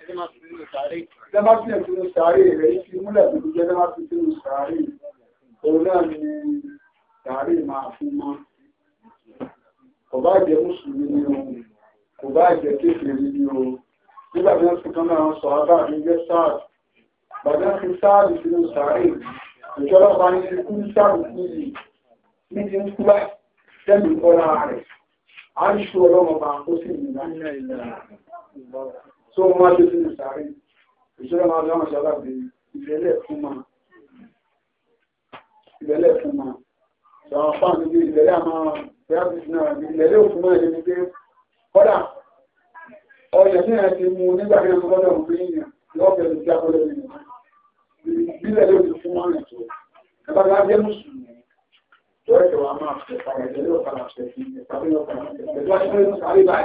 ẹ̀dẹ́másí nínú sàárè. Ẹ̀dẹ́másí nínú sàárè rẹ̀ ti múlẹ̀ tó ti jẹ́ ẹ̀dẹ́másí nínú sàárè rẹ̀ òun náà ni gàárì máa fún mọ́ kò bá jẹ́ mùsùlùmí ni o kò bá jẹ́ kékeré ni o nígbà tí wọ́n ti kan náà sọ abá mi jẹ́ sáàd bàbá fi sáàd sínú sàárè ìjọba bá ní ti kú sáàd níyì ní ti ń kú báyìí tẹ́lẹ̀ rẹ̀ a ń ṣú ọlọ́mọ bá kó sí ìrìnà tó ìrẹ̀lẹ̀ fún ma sọ fáwọn níbi ìrẹ̀lẹ̀ àmọ́ ìrẹ̀lẹ̀ náà ìrẹ̀lẹ̀ òfin mọ́ ẹni pé kọ́dà ọyàn ní ẹ̀ ti mú nígbà tí wọ́n lọ́dọ̀ òfin yìnyín o ló jábọ́ lẹ́nu ìbílẹ̀ ló ti fún wọn ètò ẹ̀bá bá jẹ́ mùsùlùmí tó ẹ̀kẹ́ wa máa fẹ́ padà ìrẹ̀lẹ̀ ọ̀kadà fẹ́ fi ìpàdé ọ̀kadà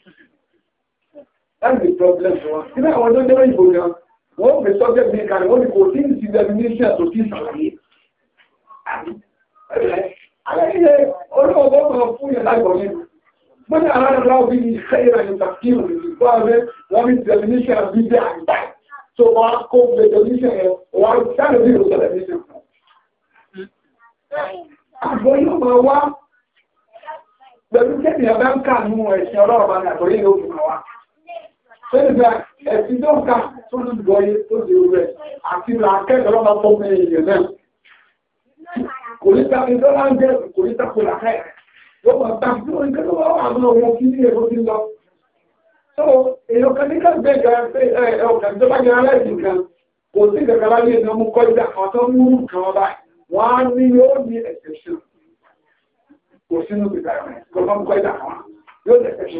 that's the problem for us. Síbẹ̀ àwọn tó ń dẹ́rẹ́ ìbò gan, wọ́n fi subject mi kan, wọ́n fi kò sí ní determination to see sàlàyé. Aláìyé olóògbé kan fún I lágbọ̀n mi. Mo ní àwọn ará òbí ní iṣẹ́ ìrìn àjò tàkìrù ìgbà rẹ̀ wọ́n fi determination bí bẹ́ẹ̀ àgbà. So wọ́n á kó determination yẹn, wọ́n á sáré bí ìrò determination. Àgbọ̀n yóò máa wá pẹ̀lú kẹ́mi ọ̀gá ń kà nínú ẹ̀sìn ọlọ́run bá ní àgbọ̀n yóò máa wá. Fẹ́nìgbà ẹ̀sìn tó ń ká tó ń gbọ́ yé tó di rẹ̀ àti ra akẹ́kọ̀ọ́ lọ́pàá tó mẹ́ èèyàn náà. Kò ní tàbí tó máa ń jẹ́ kò ní tàbí làkẹ́. Yóò máa tàbí tó ń kẹ́ tó máa wà nínú wọn kí ní èrò ti lọ. So èèyàn kan ní ká gbé ga ọkàn tó bá yẹ aláìsí kan. Kò sí kankan láyé ìdán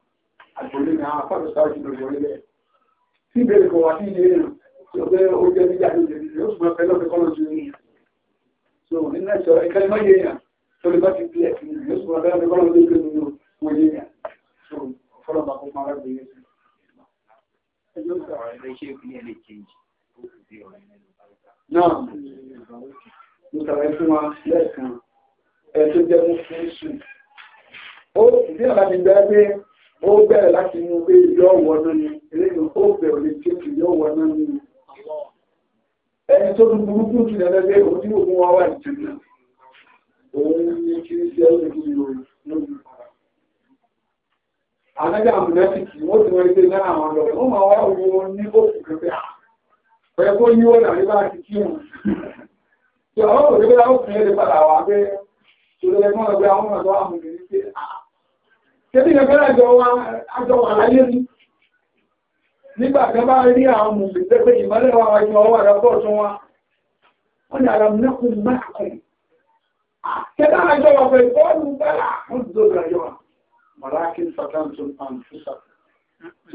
àgbòlé ní àwọn afọ́dọ̀ sáájú lórí orílẹ̀ tí ìbéèrè kò wá sí ilé rẹ̀ tí ó fẹ́ ó jẹ́ níjà lóde ní ó sì máa fẹ́ lọ́fẹ́ kọ́lọ́ ju yìí so nínú ẹ̀sọ́ ẹ̀kẹ́ mọ́ yé yàn tó lè bá ti bí ẹ̀sìn ní ó sì máa fẹ́ lọ́fẹ́ kọ́lọ́ ju yìí nínú wọ́n yé yàn so fọ́lọ́ bá kó máa rẹ̀ gbé yẹn ó bẹ̀rẹ̀ láti inú pé yóò wọnú ni eléyìí ó bẹ̀rẹ̀ lè tí ó ti yóò wọnú ni ẹni tó tún burúkú tún ní ẹlẹ́gbẹ́ òní òkun wa wà òun kí ní lórí anájà wọ́n ti wọ́n náà àwọn wọ́n máa wá ní ah, kó bá ti kí wọn padà pé àwọn Tẹ́bí ẹgbẹ́ àjọ wà láyé ní. Nígbà kan bá rí àwọn mùsùlùmí pé ìmọ́lẹ̀ wà ní ọwọ́ àrà wa. Wọ́n ni àrà mẹ́kùn mẹ́kùn. Tẹ́bí àjọ wà pẹ̀lú bọ́ọ̀lù bẹ́lá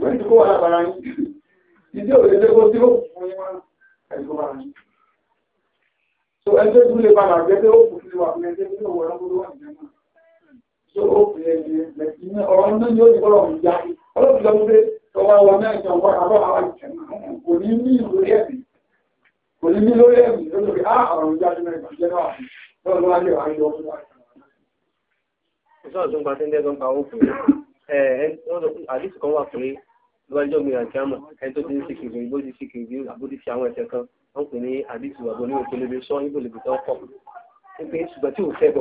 Wọ́n ti kó wà lábàrá wà yín. So ẹgbẹ́ tún tó ó fi ẹ̀yẹ lẹ́sìn àwọn òkú ẹ̀ àdìsí kan wà pé lọ́jọ́ mi àti àmọ̀ ẹni tó ti ń ṣìkìrì bó ti ṣìkìrì àbódì fi àwọn ẹ̀ṣẹ̀ kan wọ́n pè ní àdìsí àbò ní òkèlè sọ ibò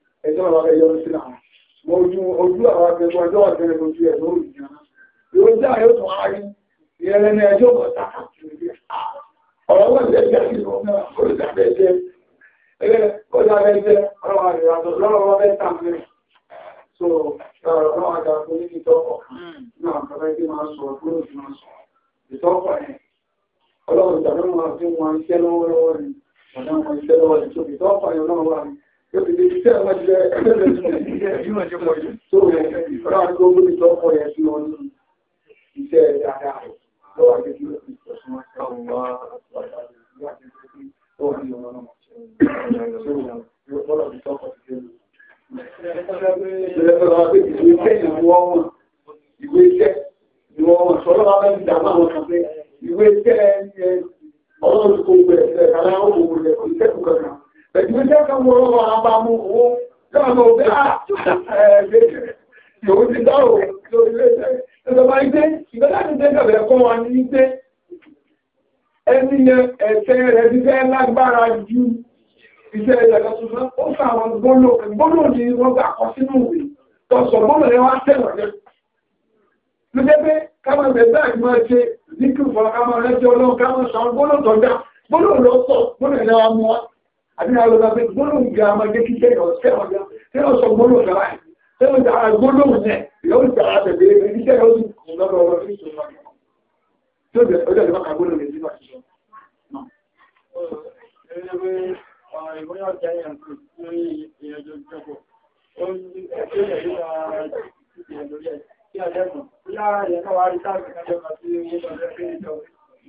ẹjọ́ àwọn akẹ́yọ́ sí náà mọ ojú ojú àwọn akẹ́kọ̀ọ́ ẹjọ́ àtẹ́rẹ́ ojú ẹ̀ lórí ìyá yóò jẹ́ àyè tó wá rí ìyẹn lẹ́nu ẹjọ́ ọ̀tá ọ̀rọ̀ wọn jẹ́ jẹ́ kí ló náà olùdàbẹ̀ jẹ́ ẹgbẹ́ olùdàbẹ̀ jẹ́ ọ̀rọ̀ àrẹ̀yàtọ̀ lọ́rọ̀ wọn bẹ́ẹ̀ tàn mẹ́rin so ọ̀rọ̀ àgbà fún ní ìtọ́kọ̀ náà kọ́lá ẹgbẹ́ máa sọ fún òfin máa sọ ìtọ́kọ̀ ẹ̀ ọlọ́run ìjàdọ́ máa fi wọn iṣẹ́ lọ́wọ́lọ́wọ́ ni ọ̀dọ́ wọn iṣẹ́ lọ́wọ́ ni so ìtọ́kọ̀ ẹ̀ ọlọ́run wà ní Iṣẹ́ dáadáa Ìwé iṣẹ́ ni wọ́n sọ́lọ́wọ́ bẹ́ẹ̀ kò gbẹ̀ẹ́ ẹ̀kàrà ó kò gbẹ̀ẹ́ ìṣẹ́kù kankan. Ẹ̀jẹ̀ kan wọ́n wọ́n àbámú owó, lọ́wọ́ ọ̀bẹ́ Yòó ti dá òun lórí ilé-iṣẹ́. Ìjọba ìgbé, ìgbẹ́lá ti dé ìjọba ẹ̀kọ́ wọn ní ìgbé. Ẹni yẹn ẹ̀ṣẹ̀ rẹ̀ ti fẹ́ lágbára ju iṣẹ́ ìjọba àbí àwọn ọlọ́gbà pé gbólóhùn ga máa jẹ́ kí sẹ́yìn ọ̀sẹ̀ ọ̀gá sẹ́yìn ọ̀sọ̀ gbólóhùn kàrá ẹ̀ sẹ́yìn ọ̀sẹ̀ àwọn gbólóhùn rẹ̀ yóò gbà á bẹ̀bẹ̀ rẹ̀ ní sẹ́yìn ọ̀sẹ̀ ọ̀gá ọ̀rọ̀ sí ìṣòro tó bẹ̀rẹ̀ ọjọ́ ìjọba kan gbólóhùn rẹ̀ sí ìṣòro. Ìgbóyà ọjà yẹn kò fún ìrìnàjò ìjọpọ̀. Ó ń ṣe ìṣẹ́lẹ̀ nípa ìṣẹ̀lẹ̀ lórí ẹ̀. Bí àjẹ́kùn, bí láàárín ẹ̀kọ́ wa rí táàkì kájọ́ kan sí owó ọjọ́ pé ìjọba.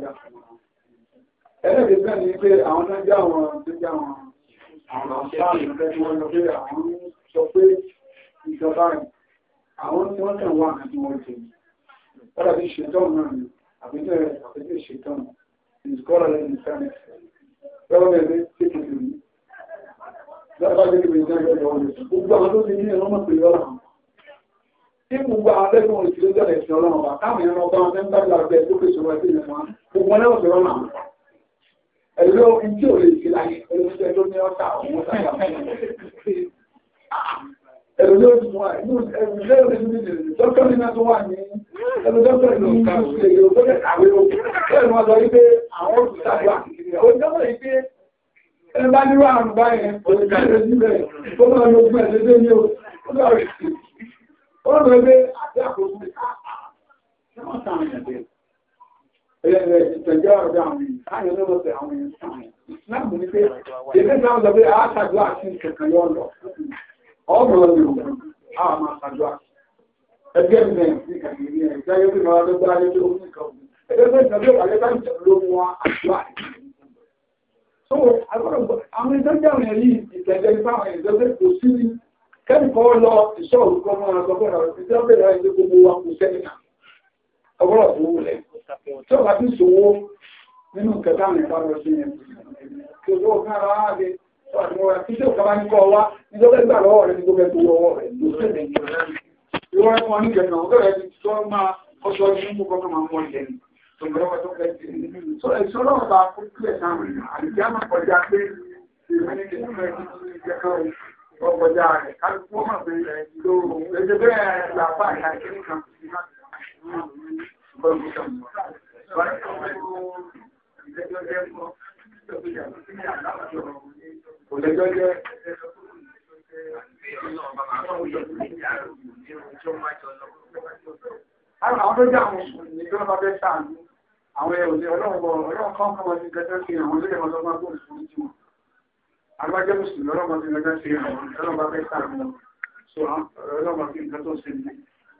dáadáa. ẹlẹ́gbẹ̀ẹ́ bẹ́ẹ̀ ni pé àwọn náà jẹ́ àwọn tó jẹ́ àwọn àwọn àǹfààní ìfẹ́ tí wọ́n lọ pé àwọn sọ pé ìjọba rẹ̀ àwọn tí wọ́n kàn wà àti wọ́n jẹ Bọ́dà bí ṣetán náà ni àbíjẹ́ àbíjẹ́ ṣetán ìsìkọ́lá lẹ́yìn ìfẹ́ lọ́wọ́ ẹ̀rẹ́ tí kìí rí. Lọ́pàá jẹ́ kìí rí jẹ́ ìjọba rẹ̀ tí gbogbo àwọn akẹ́kọ̀ọ́ òṣèlú jọ̀lẹ̀ sí ọlọ́run wa káwọn èèyàn lọ bá wọn tẹ́ńtà bí àgbẹ̀ tó pèsè wọn sí ìlú wọn gbogbo wọn sọ̀rọ̀ náà ẹ̀lú omi tí ò lè sí láyé ẹ̀lú tó ní ọ̀tá ọ̀hún ọ̀tá ẹ̀lú ló ti wà ní ẹ̀lú lẹ́yìn tó ní ìlú dọ́kítọ́ ní náà tó wà ní ẹ̀lú dọ́kítọ́ ìlú ìlú tó lè kàwé o bẹ́ẹ̀ wọ́n sọ wípé àwọn olùsàdó àkìkiri ọjọ́ ìpé ẹ bá nírú àrùn báyẹn òṣìṣẹ́ ìrẹsì bẹ́ẹ̀ lọ fún ẹ̀ṣẹ́ Ọ̀rọ̀ ẹgbẹ́ àti àkókò Ẹgbẹ́ ọ ọ̀dọ́ àwọn ènìyàn, káàkiri lọ́wọ́sẹ̀ àwọn ènìyàn sáàrin. Láàmù ní pé, ìgbẹ́ ìgbà ọ̀dọ́ pé a ṣàjọ́ àti ìkẹ̀kẹ̀ yọ́ lọ. Ọgbọ̀n ọdún ìwọ̀n, a máa ṣàjọ́ àti. Ẹgbẹ́ ìgbẹ̀ kẹ́mìkọ́ lọ ìṣọ́ òkú ọmọ àgbọ̀gbọ̀nà ìjọ bẹ̀rẹ̀ ilé gbogbo wa kò sẹ́yìn ọgbọ́nà tó wulẹ̀ tí ọba tí sòwò nínú kẹta ní ìpamọ́ sí yẹn kí o tó kán ara wá dé ọ̀dùnmọ́ra tí tí òkàbá ní kọ́ wa níjọ́ bẹ́ẹ̀ gbà lọ́wọ́ rẹ̀ ní gbogbo ẹ̀tọ́ lọ́wọ́ rẹ̀ ló sẹ́yìn ìwọ ẹ̀kọ́ ní kẹta ọ̀gọ́ rẹ̀ ti tọ́ máa ọṣọ ní mú kọ́kọ́ máa mọ́ ilẹ̀ ní tòmọ́lọ́wọ́ tó fẹ́ ti ìṣọ́lọ́wọ́ bá kú kílẹ̀ ọgbọ̀já rẹ̀ kálùkù mọ̀ pé lóòrùn ẹgbẹ́ àwọn ẹ̀rọ ọlọ́run kan wọn ní gẹ́gẹ́ àwọn tó ń agbájẹ́ mùsùlùmí ọlọ́mọ ti lọ́jọ́ fi nǹkan tó ṣe ní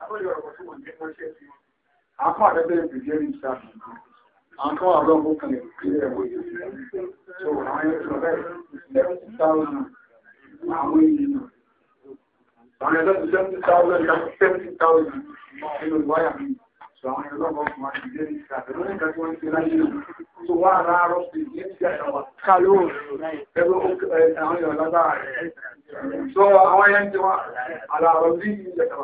abọ́jọ́ ní sáà akọ́ so àwọn ẹ̀yẹ́ tó àwọn ènìyàn àwọn ẹ̀dọ́ ti seventy thousand nínú ìwáyà mi àwọn ìrọ̀lọ́gbọ̀n fún àti ìdílé ìṣàkẹ́ lórí ìkàtí wọ́n ti láyé tó wá ara rọ́ sí ilé ìṣẹ́ àwọn kálóò ẹgbẹ́ àwọn ìrọ̀lọ́gbà rẹ̀ so àwọn ẹyẹ ń ti wá aláàrọ̀ sí ilé ìṣàkẹ́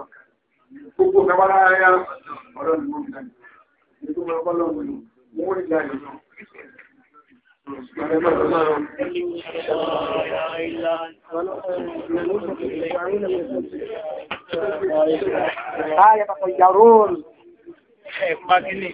gbogbo kẹbàrá ẹyà ọ̀rọ̀ ni wọ́n fi dáni ètò ọlọ́pàá lọ́wọ́ ni wọ́n rí láyé náà Ah, ya está, ya rol. ẹ̀pá kínní.